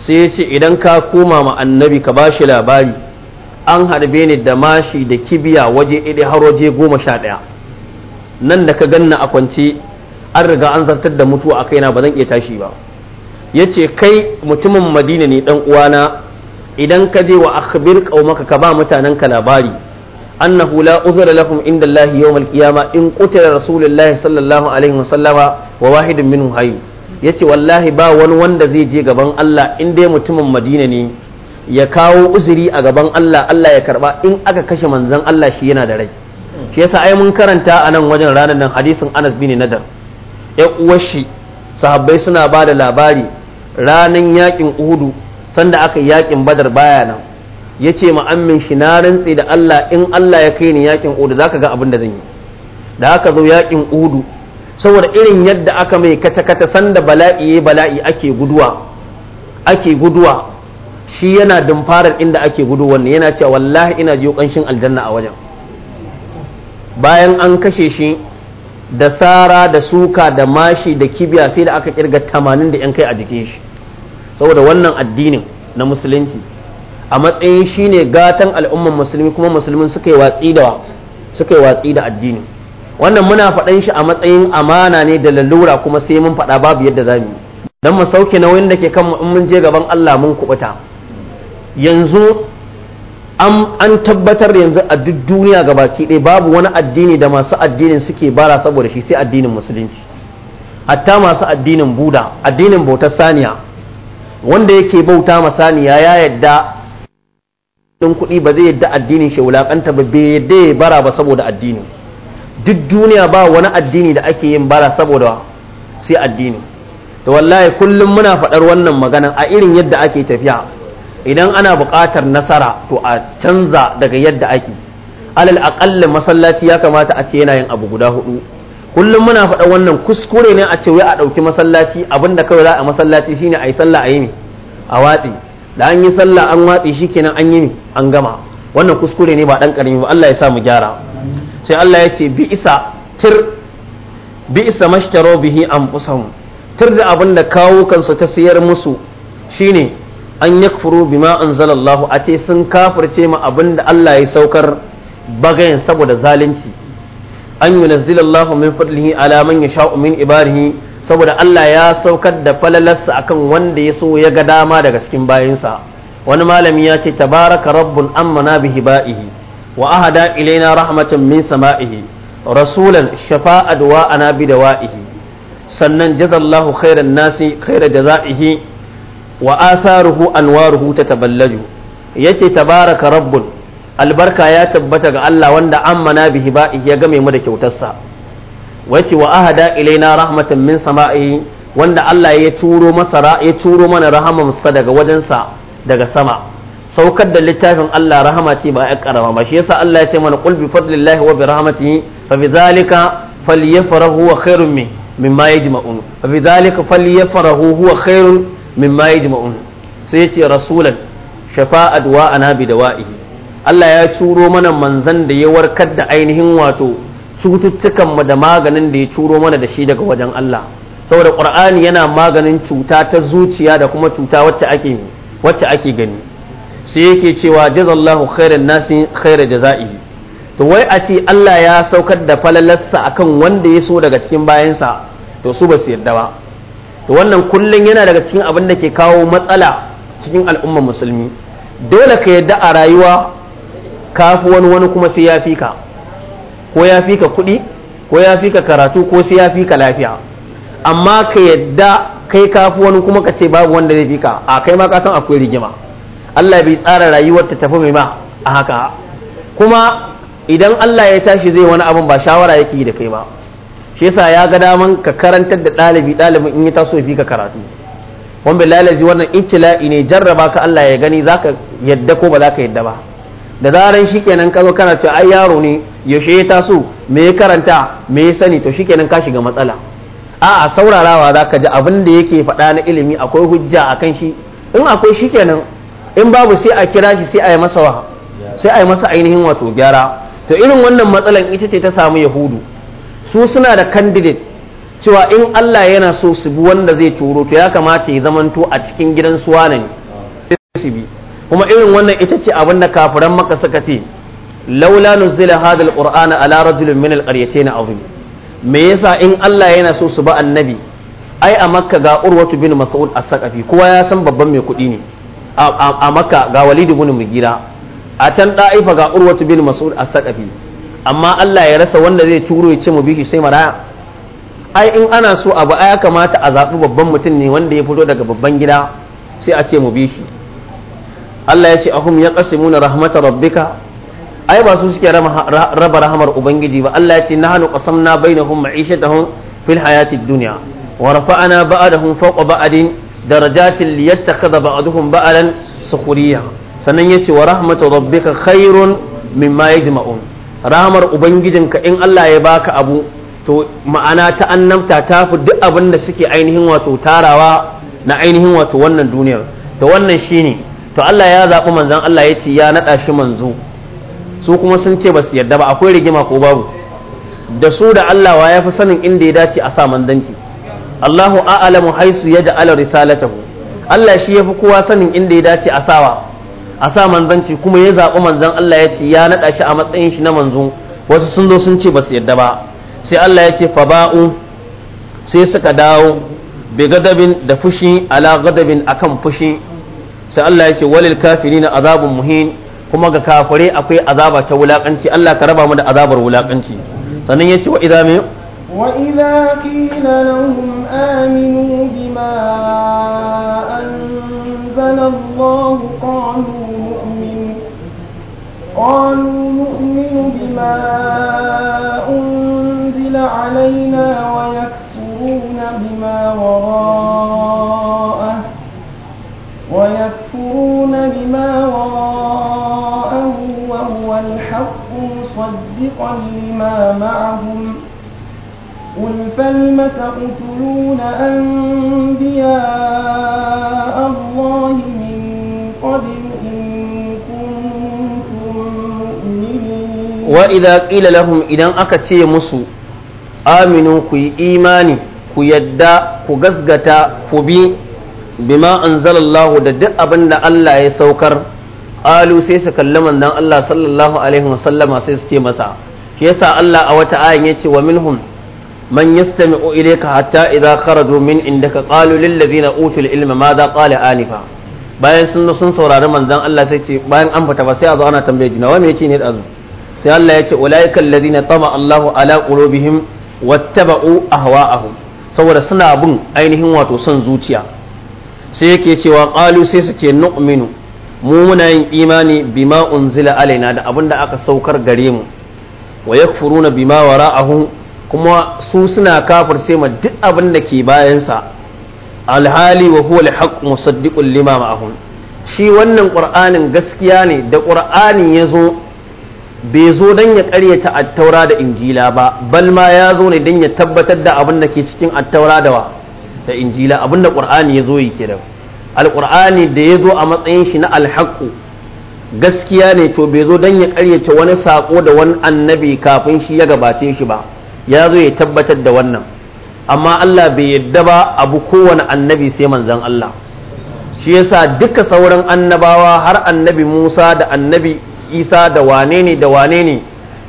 sai ya ce idan ka koma ma annabi ka ba shi labari an harbe ni da mashi da kibiya waje ɗaya har waje goma sha ɗaya nan da ka ganna a kwance an riga an zartar da mutuwa a kaina ba zan iya tashi ba ya ce kai mutumin madina ne ɗan uwana idan ka je wa akhbir qaumaka ka ba mutanen ka labari annahu la uzra inda Allah yawm al-qiyama in qutila rasulullahi sallallahu alaihi wasallama wa wahidin minhum hayy yace wallahi ba wani wanda zai je gaban Allah in dai mutumin Madina ne ya kawo uzuri a gaban Allah Allah ya karba in aka kashe manzon Allah shi yana da rai shi yasa ai mun karanta a nan wajen ranar nan hadisin Anas bin Nadar ya uwashi sahabbai suna ba da labari ranan yakin Uhudu sanda aka yakin Badar baya nan yace ma ammin shi na rantsi da Allah in Allah ya kai ni yakin Uhudu zaka ga abin da zan yi da aka zo yakin Uhudu saboda irin yadda aka mai kata-kata sanda bala'i bala'i ake guduwa ake guduwa shi yana dumfarar inda ake guduwa ne yana cewa wallahi ina jiyo kanshin aljanna a wajen bayan an kashe shi da sara da suka da mashi da kibiya sai da aka kirga tamanin da 'yan kai a jikin shi saboda wannan addinin na musulunci a matsayin shine gatan al'umman musulmi kuma musulmin suka yi watsi da addinin wannan muna faɗan shi a matsayin amana ne da lalura kuma sai mun faɗa babu yadda za mu yi. dan mu sauke nauyin da ke kan in mun je gaban Allah mun kubuta yanzu an tabbatar yanzu a duk duniya ga baki ɗaya babu wani addini da masu addinin suke bara saboda shi sai addinin musulunci hatta masu addinin buda addinin bautar saniya wanda yake bauta ma saniya ya yadda ɗin kuɗi ba zai yadda addinin shi wulaƙanta ba bai yadda ya bara ba saboda addini. duk duniya ba wani addini da ake yin bara saboda sai addini to wallahi kullum muna faɗar wannan magana a irin yadda ake tafiya idan ana buƙatar nasara to a canza daga yadda ake alal aƙalla masallaci ya kamata a ce yana yin abu guda hudu kullum muna faɗa wannan kuskure ne a ce wai a ɗauki masallaci abinda kawai za a masallaci shine a yi sallah a yi ne a watsi da an yi sallah an watsi shikenan an yi ne an gama wannan kuskure ne ba ɗan ƙarami ba Allah ya sa mu gyara sai Allah ya ce bi isa tir bi isa mashtaro bihi anfusahum tir da abin da kawo kansu ta siyar musu shine an yakfuru bima anzalallahu a ce sun kafirce ma abin da Allah ya saukar bagayen saboda zalunci an yunazzilallahu min fadlihi ala man yasha'u min ibadihi saboda Allah ya saukar da falalarsa akan wanda ya so ya ga dama daga cikin bayansa, wani malami ya ce tabaraka rabbun amana bihi ba'ihi wa ahada ilaina rahmatan min sama'ihi rasulan shafa'a duwa ana bi dawa'ihi sannan jazallahu khairan nasi khaira jaza'ihi wa asaruhu anwaruhu tataballaju yace ta baraka rabbul albarka ya tabbata ga Allah wanda ammana bihi ba'i ya game mu da kyautarsa wace wa ahada ilaina rahmatan min sama'i wanda Allah ya turo masa ya turo mana rahamansa daga wajensa daga sama saukar da littafin Allah rahama ce ba a karama ba shi yasa Allah ya ce mana qul bi fadlillahi wa bi rahmatihi fa bi zalika falyafrahu wa khairun min mimma yajma'un fa bi zalika falyafrahu huwa khairun mimma yajma'un sai ce rasulan shafa'at wa ana bi dawa'ihi Allah ya curo mana manzan da ya warkar da ainihin wato cututtukan mu da maganin da ya curo mana da shi daga wajen Allah saboda qur'ani yana maganin cuta ta zuciya da kuma cuta wacce ake wacce ake gani sai yake cewa jazallahu khairan nasi khaira jazaihi to wai a ce Allah ya saukar da falalarsa akan wanda ya so daga cikin bayansa to su ba su yarda ba to wannan kullum yana daga cikin abin da ke kawo matsala cikin al'ummar musulmi dole ka yarda a rayuwa kafi wani wani kuma sai ya fi ka ko ya fi ka kuɗi ko ya fi ka karatu ko sai ya fi ka lafiya amma ka yarda kai kafi wani kuma ka ce babu wanda zai fi ka a kai ma ka san akwai rigima Allah bai tsara rayuwar ta tafi mai ma a haka kuma idan Allah ya tashi zai wani abin ba shawara yake yi da kai ba shi yasa ya ga daman ka karantar da ɗalibi ɗalibin in ya taso fi ka karatu wanda lalazi wannan ittila'i ne jarraba ka Allah ya gani zaka yadda ko ba ka yadda ba da zaran shikenan ka zo kana cewa ai yaro ne yaushe ya taso me ya karanta me ya sani to shikenan ka shiga matsala a'a saurarawa zaka ji abin da yake faɗa na ilimi akwai hujja akan shi in akwai shikenan in babu sai a kira shi sai a yi masa sai a yi masa ainihin wato gyara to irin wannan matsalan ita ce ta samu yahudu su suna da candidate cewa in Allah yana so su bi wanda zai turo to ya kamata ya zamanto a cikin gidan suwana ne su bi kuma irin wannan ita ce abin da kafiran maka suka ce laula nuzila hadal qur'ana ala rajulin min alqaryatayn azim me yasa in Allah yana so su bi annabi ai a makka ga urwatu bin mas'ud as-saqafi kowa ya san babban mai kuɗi ne a makka ga walid ibn mugira a can da'ifa ga urwatu bin mas'ud a sakafi amma Allah ya rasa wanda zai turo ya ce mu bishi sai maraya ai in ana so abu ya kamata a zaɓi babban mutum ne wanda ya fito daga babban gida sai a ce mu bishi Allah ya ce ahum ya qasimuna rahmatar rabbika ai ba su suke raba rahamar ubangiji ba Allah ya ce nahnu qasamna bainahum ma'ishatahum fil hayatid dunya wa rafa'ana ba'dahum fawqa ba'din darajatin liyattakhadha ba'duhum ba'alan sukhriya sannan yace wa rahmatu rabbika khairun mimma yajma'un rahmar ubangijin ka in Allah ya baka abu to ma'ana ta annabta ta fi duk abin da suke ainihin wato tarawa na ainihin wato wannan duniyar da wannan shine to Allah ya zaɓi manzan Allah ya ce ya naɗa shi manzo su kuma sun ce ba su yarda ba akwai rigima ko babu da su da Allah ya fi sanin inda ya dace a sa manzanci Allahu a'lamu haisu yaj'al risalatahu Allah shi yafi kowa sanin inda ya dace a sawa a sa manzanci kuma ya zaɓi manzan Allah ya ya naɗa shi a matsayin shi na manzo wasu sun zo sun ce ba su yadda ba sai Allah ya ce ba'u sai suka dawo bi gadabin da fushi ala gadabin akan fushi sai Allah ya ce walil kafirina azabun muhin kuma ga kafare akwai azaba ta wulakanci Allah ka raba mu da azabar wulakanci sannan ya ce wa idza وإذا قيل لهم آمنوا بما أنزل الله قالوا مؤمن قالوا نؤمن بما أنزل علينا ويكفرون بما وراءه ويكفرون بما وراءه وهو الحق مصدقا لما معهم قل فلم تقتلون أنبياء الله من قبل إن كنتم مؤمنين وإذا قيل لهم إذا أكتي مسو آمنوا كي إيماني كي يدى كي غزغتا كي bima anzalallahu da duk abin da Allah ya saukar alu sai su kalli manzon Allah sallallahu alaihi wasallama sai su ce masa shi yasa Allah a wata ayan yace wa minhum من يستمع إليك حتى إذا خرجوا من عندك قالوا للذين أوتوا العلم ماذا قال آنفا bayan sun sun saurari manzon Allah sai ce bayan an fita ba sai a zo ana tambaye jina wa me yace ne dazu sai Allah ya ce ulaika alladhina tama Allahu ala qulubihim wattaba'u ahwa'ahum saboda suna bin ainihin wato son zuciya sai yake cewa qalu sai su ce nu'minu mu muna yin imani bima unzila alaina da abinda aka saukar gare mu wa yakfuruna bima wara'ahu kuma su suna sai ma duk abin da ke bayansa alhali wa huwa alhaq musaddiqul lima ma'ahum shi wannan qur'anin gaskiya ne da qur'anin ya zo bai zo don ya karyata attaura da injila ba bal ma ya zo ne don ya tabbatar da abin da ke cikin attaura da wa da injila abin da qur'ani ya zo yi kenan alqur'ani da ya zo a matsayin shi na alhaq gaskiya ne to bai zo don ya karyata wani sako da wani annabi kafin shi ya gabace shi ba ya zo ya tabbatar da wannan amma Allah bai yadda ba abu kowane annabi sai manzan Allah shi yasa duka sauran annabawa har annabi Musa da annabi Isa da wane ne da wane ne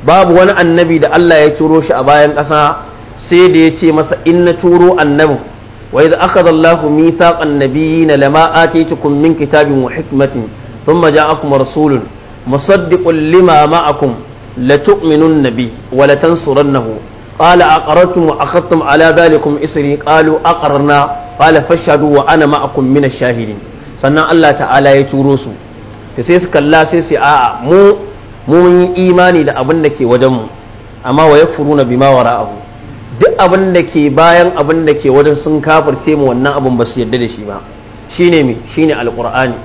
babu wani annabi da Allah ya turo shi a bayan ƙasa sai da ya ce masa in na turo annabi wa idza akhadha Allahu mithaqan nabiyina lama atitukum min kitabin wa hikmatin thumma ja'akum rasulun musaddiqun lima ma'akum la tu'minun nabi wa la قال أقررتم وأخذتم على ذلكم إسري قالوا أقررنا قال فاشهدوا وأنا معكم من الشاهدين sannan Allah ta'ala ya turo su da sai su kalla sai su a'a mu mun yi imani da abin da ke wajen mu amma wa yakfuruna bima wara'ahu duk abin da ke bayan abin da ke wajen sun kafirce mu wannan abin ba su yarda da shi ba shine me shine alqur'ani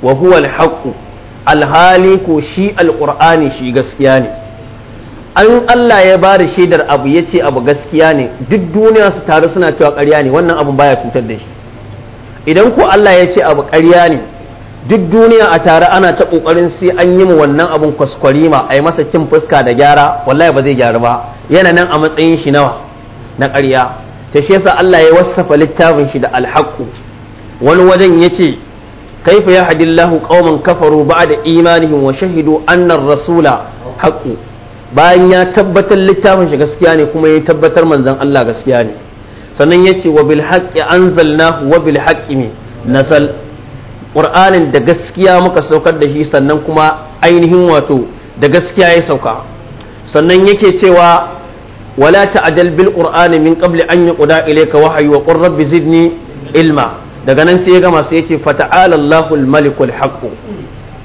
wa huwa alhaqu alhali ko shi alqur'ani shi gaskiya ne an Allah ya ba da shaidar abu ya ce abu gaskiya ne duk duniya su taru suna cewa ƙarya ne wannan abin baya cutar da shi idan ko Allah ya ce abu ƙarya ne duk duniya a tare ana ta ƙoƙarin sai an yi mu wannan abun ma a yi masa cin fuska da gyara wallahi ba zai gyaru ba yana nan a matsayin shi nawa na ƙarya ta shi yasa Allah ya wasafa littafin shi da alhaqqu wani wajen yace kaifa ya Hadillahu qauman kafaru ba'da imanihim wa shahidu anna ar-rasula haqqu bayan ya tabbatar littafin shi gaskiya ne kuma ya tabbatar manzan Allah gaskiya ne sannan yace wa bil haqqi anzalnahu wa bil haqqi nasal qur'anin da gaskiya muka saukar da shi sannan kuma ainihin wato da gaskiya ya sauka sannan yake cewa wala ta'jal bil qur'ani min qabli an yuqda ilayka wahyu wa qur rabbi zidni ilma daga nan sai ya gama sai yace ta'ala allahul malikul haqq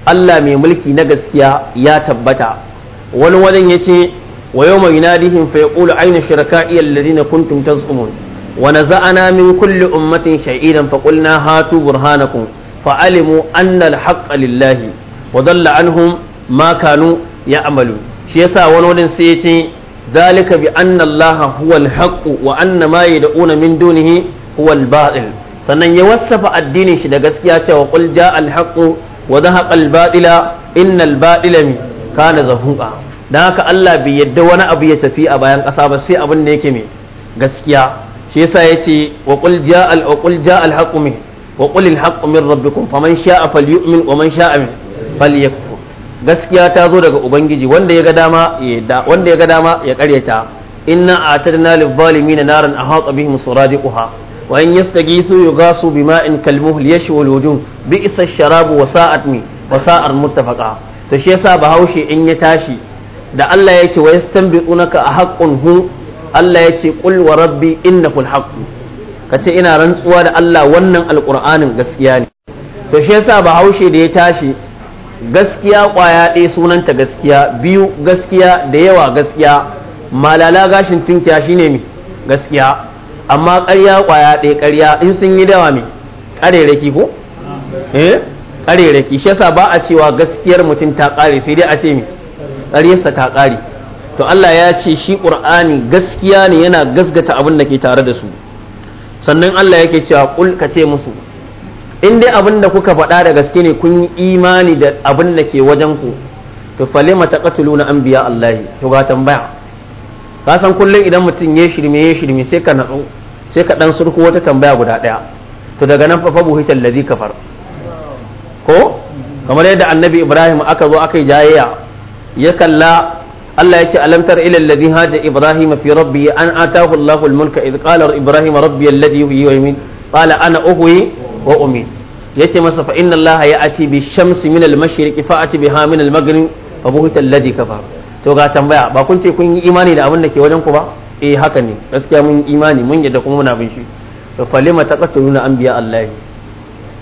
Allah mai mulki na gaskiya ya tabbata wani wajen yace wa yawma yunadihim fa yaqulu ayna shuraka'i alladhina kuntum tazumun wa naza'ana min kulle ummatin shahidan fa qulna hatu burhanakum fa alimu anna al-haqqa lillahi wa dhalla anhum ma kanu ya'malu shi yasa wani wajen sai yace ذلك بأن الله هو الحق maye da يدعون من دونه هو الباطل sannan ya wasafa addinin shi da gaskiya cewa qul ja al haqq wa dhahaqa al batila innal batila kana zahuqa dan haka Allah bai yadda wani abu ya tafi a bayan ƙasa ba sai abin da yake mai gaskiya shi yasa yace wa qul jaa al wa qul jaa al haqqu min wa qul al haqqu min rabbikum faman sha'a falyu'min wa man sha'a falyakfur gaskiya ta zo daga ubangiji wanda ya ga dama ya yadda wanda ya ga dama ya karyata inna atadna lil zalimin naran ahata bihim suradiquha وإن يستغيثوا يغاثوا بماء كالمهل يشوي الوجوه بئس الشراب وساءت wa sa'ar المتفقا to shi yasa bahaushe in ya tashi da Allah ya ce wa yastanbi'unaka a haqqun hu Allah ya ce qul wa rabbi innahu al Ka kace ina rantsuwa da Allah wannan alqur'anin gaskiya ne to shi yasa bahaushe da ya tashi gaskiya kwaya ɗaya sunanta gaskiya biyu gaskiya da yawa gaskiya malala gashin tunkiya shine mi gaskiya amma ƙarya kwaya ɗaya ƙarya in sun yi dawa mi ƙarerake ko eh ƙarerake shi yasa ba a cewa gaskiyar mutum ta ƙare sai dai a ce me ƙaryarsa ta ƙare to Allah ya ce shi ƙur'ani gaskiya ne yana gasgata abin da ke tare da su sannan Allah yake cewa kul ka ce musu in dai abin da kuka faɗa da gaske ne kun yi imani da abin da ke wajen ku to falima taqtuluna anbiya Allah to ga tambaya ka san kullum idan mutum ya shirme ya shirme sai ka natsu sai ka dan surku wata tambaya guda ɗaya to daga nan fa fa buhital ladhi kafar ko kamar yadda annabi ibrahim aka zo aka yi jayayya ya kalla Allah ya ce a alamtar ila alladhi haja Ibrahima fi rabbi an atahu Allahu al-mulka idh ibrahim rabbi alladhi yuhyi wa yumiit qala ana uhyi wa umiit yace masa fa inna Allah ya'ti bi shamsi min al-mashriq fa ati biha min al-maghrib fa buhita alladhi kafar to ga tambaya ba kun ce kun yi imani da abin da ke wajen ku ba eh haka ne gaskiya mun imani mun yadda kuma muna bin shi to falima taqatuluna anbiya Allah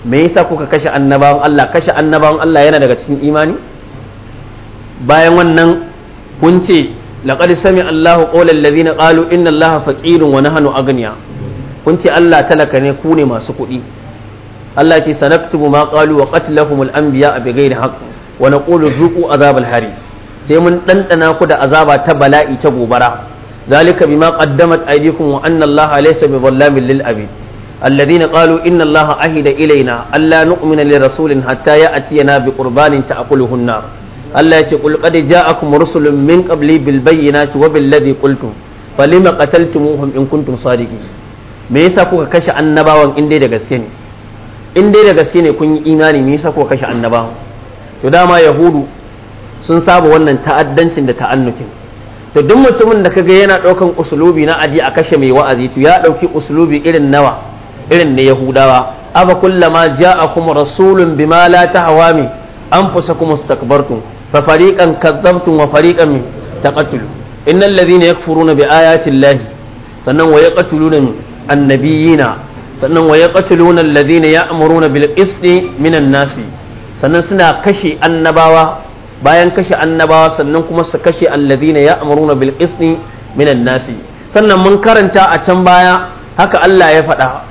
me yasa kuka kashe annabawan Allah kashe annabawan Allah yana daga cikin imani bayan wannan kun ce laqad sami Allahu qawla alladhina qalu inna Allaha faqirun wa nahnu aghniya kun ce Allah talaka ne ku ne masu kuɗi Allah ce sanaktubu ma qalu wa qatlahum al-anbiya bighairi haqq wa naqulu dhuqu azab hari sai mun dandana ku da azaba ta bala'i ta gobara ذلك بما قدمت أيديكم وأن الله ليس lil للأبيد الذين قالوا إن الله أهد إلينا ألا نؤمن لرسول حتى يأتينا بقربان تأكله النار الله يقول قد جاءكم رسل من قبلي بالبينات وبالذي قلتم فلما قتلتموهم إن كنتم صادقين me kuka kashe annabawan in dai da gaske ne in dai da gaske ne kun yi imani me yasa kuka kashe annabawan to dama yahudu sun saba wannan ta'addancin da ta'annukin to duk mutumin da ka ga yana ɗaukan uslubi na aji a kashe mai wa'azi to ya ɗauki uslubi irin nawa irin na yahudawa aba kullama ja'akum rasulun bima la tahwa mi anfusakum istakbartum fa fariqan kadzabtum wa fariqan taqatulu innal ladhina yakfuruna bi ayati llahi sannan wa yaqtuluna annabiyina sannan wa yaqtuluna alladhina ya'muruna bil qisti minan nasi sannan suna kashe annabawa bayan kashe annabawa sannan kuma su kashe alladhina ya'muruna bil qisti minan nasi sannan mun karanta a can baya haka Allah ya faɗa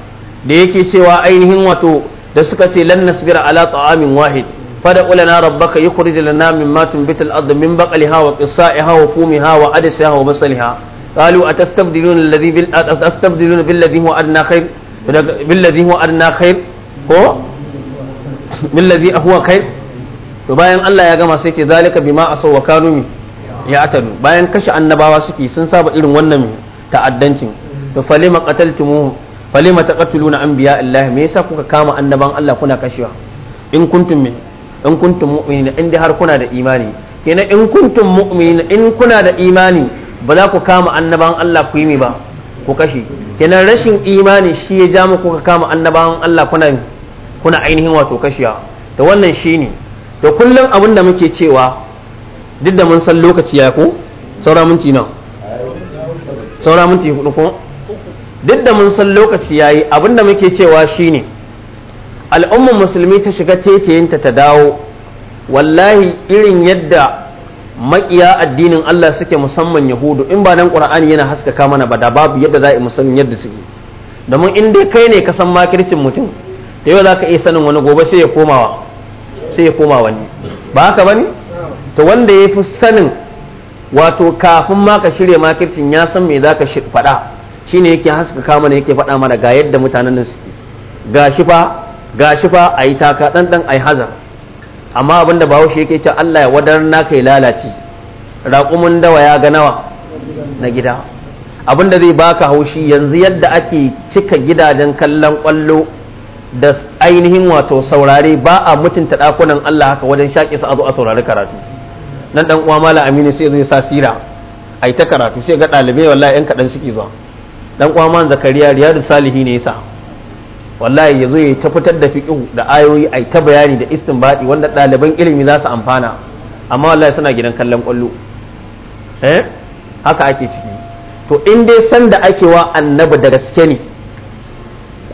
da yake cewa ainihin wato da suka ce lan nasbira ala ta'amin wahid fada ulana rabbaka yukhrij lana mimma tunbitu al-ard min baqliha wa qissaiha wa fumiha wa adasiha wa basaliha قالوا أتستبدلون الذي بال... أتستبدلون بالذي هو أدنى خير بالذي هو أدنى خير هو بالذي هو خير bayan Allah ya gama sai ke zalika bima asaw wa kanumi. ya atanu bayan kashe annabawa suke sun saba irin wannan ta'addancin to falima qataltumuhum falima taqtuluna anbiya Allah me yasa kuka kama annaban Allah kuna kashewa in kuntum min in kuntum mu'minina in har kuna da imani kenan in kuntum mu'minina in kuna da imani ba za ku kama annaban Allah ku yi ba ku kashe kenan rashin imani shi ya ja muku kuka kama annaban Allah kuna kuna ainihin wato kashewa to wannan shine to kullum abin da muke cewa duk da mun san lokaci ya ko saura minti nan saura minti hudu ko duk da mun san lokaci ya yi abinda muke cewa shine al'ummar musulmi ta shiga tetayinta ta dawo wallahi irin yadda makiya addinin Allah suke musamman yahudu in ba nan qur'ani yana haskaka mana ba da babu yadda za a musamman yadda suke domin in dai kai ne ka san makircin mutum da yau za ka iya sanin wani gobe sai ya komawa sai ya koma wani ba haka bane to wanda ya fi sanin wato kafin ma ka shirya makircin ya san me za ka faɗa Shi shine yake kama mana yake faɗa mana ga yadda mutanen nan suke ga shi fa ga shi fa ayi taka dan dan ayi hazar amma abinda bahaushe yake cewa Allah ya wadar na kai lalace raƙumin dawa ya ga nawa na gida abinda zai baka haushi yanzu yadda ake cika gidajen kallon ƙwallo da ainihin wato saurare ba a mutunta ɗakunan Allah haka wajen shaƙi sa a a saurari karatu nan dan uwa mala aminu sai zai sa sira ai ta karatu sai ga ɗalibai wallahi yan kaɗan suke zuwa dan kwaman zakariya riyadu salihi ne yasa wallahi yazo ya ta fitar da fiqh da ayoyi ai ta bayani da istinbati wanda ɗaliban ilimi za su amfana amma wallahi suna gidan kallon kwallo eh haka ake ciki to in dai san da ake wa annabi da gaske ne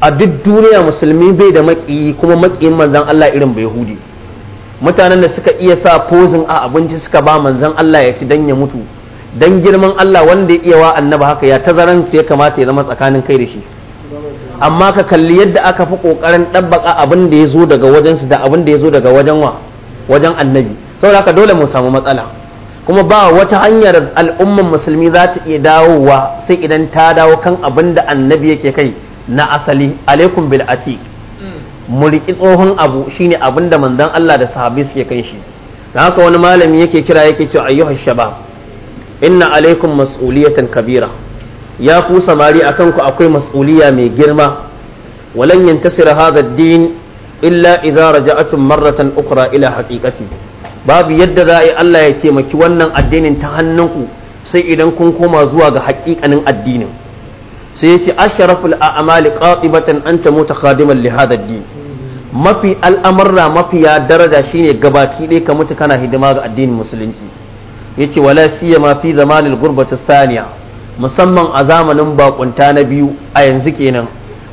a duk duniya musulmi bai da maƙiyi kuma makiyin manzan Allah irin bai hude, mutanen da suka iya sa pozin a abinci suka ba manzon Allah ya ci dan ya mutu dan girman Allah wanda ya iya wa annaba haka ya tazaran su ya kamata ya zama tsakanin kai da shi amma ka kalli yadda aka fi kokarin dabbaka abin da ya zo daga wajen su da abin da ya zo daga wajen wa wajen annabi saboda haka dole mu samu matsala kuma ba wata hanyar al'umman musulmi za ta iya dawowa sai idan ta dawo kan abin da annabi yake kai na asali alaikum bil atiq mm. mu riki tsohon abu shine abin da manzon Allah da sahabbai suke kai shi haka wani malami yake kira yake cewa ayyuhash shabab inna alaikum mas'uliyatan kabira ya ku samari akan ku akwai mas'uliya mai girma walan yantasira hadha ad-din illa idza raja'atum marratan ukra ila haqiqati babu yadda za a yi Allah ya ce maki wannan addinin ta hannunku sai idan kun koma zuwa ga haƙiƙanin addinin sai ya ce asharaful a'mali qatibatan anta mutakhadiman li hadha ad-din mafi al'amarra mafiya daraja shine gabaki ɗaya ka mutu kana hidima ga addinin musulunci yace wala siyama fi zamanin gurbati saniya musamman a zamanin bakunta na biyu a yanzu kenan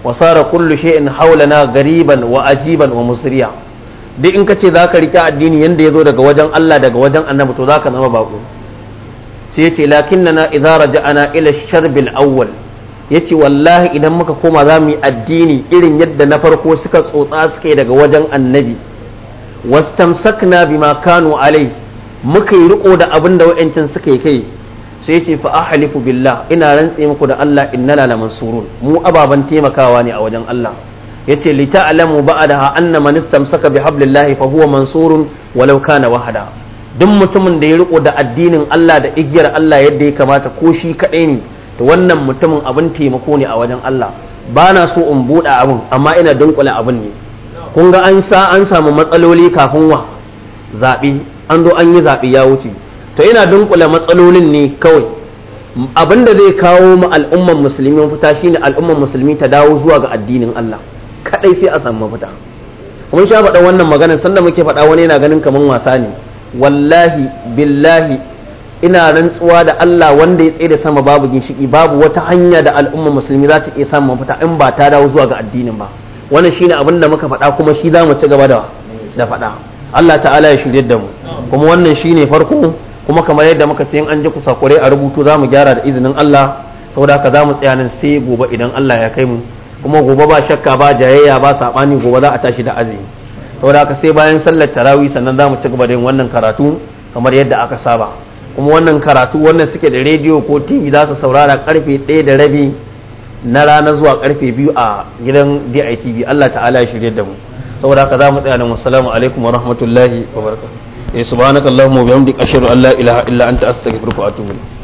wa sara kullu shay'in haulana gariban wa ajiban wa musriya duk in kace zaka rike addini yanda yazo daga wajen Allah daga wajen Annabi to zaka zama bako sai yace lakinnana idza raja'ana ila sharbil awwal yace wallahi idan muka koma za mu yi addini irin yadda na farko suka tsotsa suke daga wajen Annabi wastamsakna bima kanu alaihi muka yi riko da abin da wa'ancin suka yi kai sai ce fa ahlifu billah ina rantse muku da Allah na la mansurun mu ababan taimakawa ne a wajen Allah yace li ta'lamu ba'daha anna man istamsaka bi hablillahi fa huwa mansurun walau na wahada duk mutumin da ya riko da addinin Allah da igiyar Allah yadda ya kamata ko shi kaɗai ne to wannan mutumin abin taimako ne a wajen Allah ba na so in buɗe abin amma ina dunkula abin ne kun ga an sa an samu matsaloli kafin wa zaɓi? an zo an yi zaɓe ya wuce to ina dunkula matsalolin ne kawai abin da zai kawo mu al'umman musulmi mafita ne al'umman musulmi ta dawo zuwa ga addinin Allah kaɗai sai a samu mafita mun sha faɗa wannan maganar sanda muke faɗa wani yana ganin kaman wasa ne wallahi billahi ina rantsuwa da Allah wanda ya tsaye da sama babu ginshiki babu wata hanya da al'ummar musulmi za ta iya samun mafita in ba ta dawo zuwa ga addinin ba wannan shine abin da muka faɗa kuma shi za mu ci gaba da da faɗa Allah ta'ala ya shirye da mu kuma wannan shine farko kuma kamar yadda muka ce in an ji kusakure a rubutu za mu gyara da izinin Allah saboda haka za mu tsaya nan sai gobe idan Allah ya kai mu kuma gobe ba shakka ba jayayya ba sabani gobe za a tashi da azumi saboda haka sai bayan sallar tarawi sannan za mu ci gaba da yin wannan karatu kamar yadda aka saba kuma wannan karatu wannan suke da rediyo ko tv za su saurara karfe ɗaya da rabi na rana zuwa karfe biyu a gidan DITV Allah ta'ala ya shirye da mu saboda haka za mu tsaya nan wassalamu alaikum wa rahmatullahi wa barakatuh eh, subhanakallahumma wa bihamdika ashhadu an la ilaha illa anta astaghfiruka wa atubu ilayk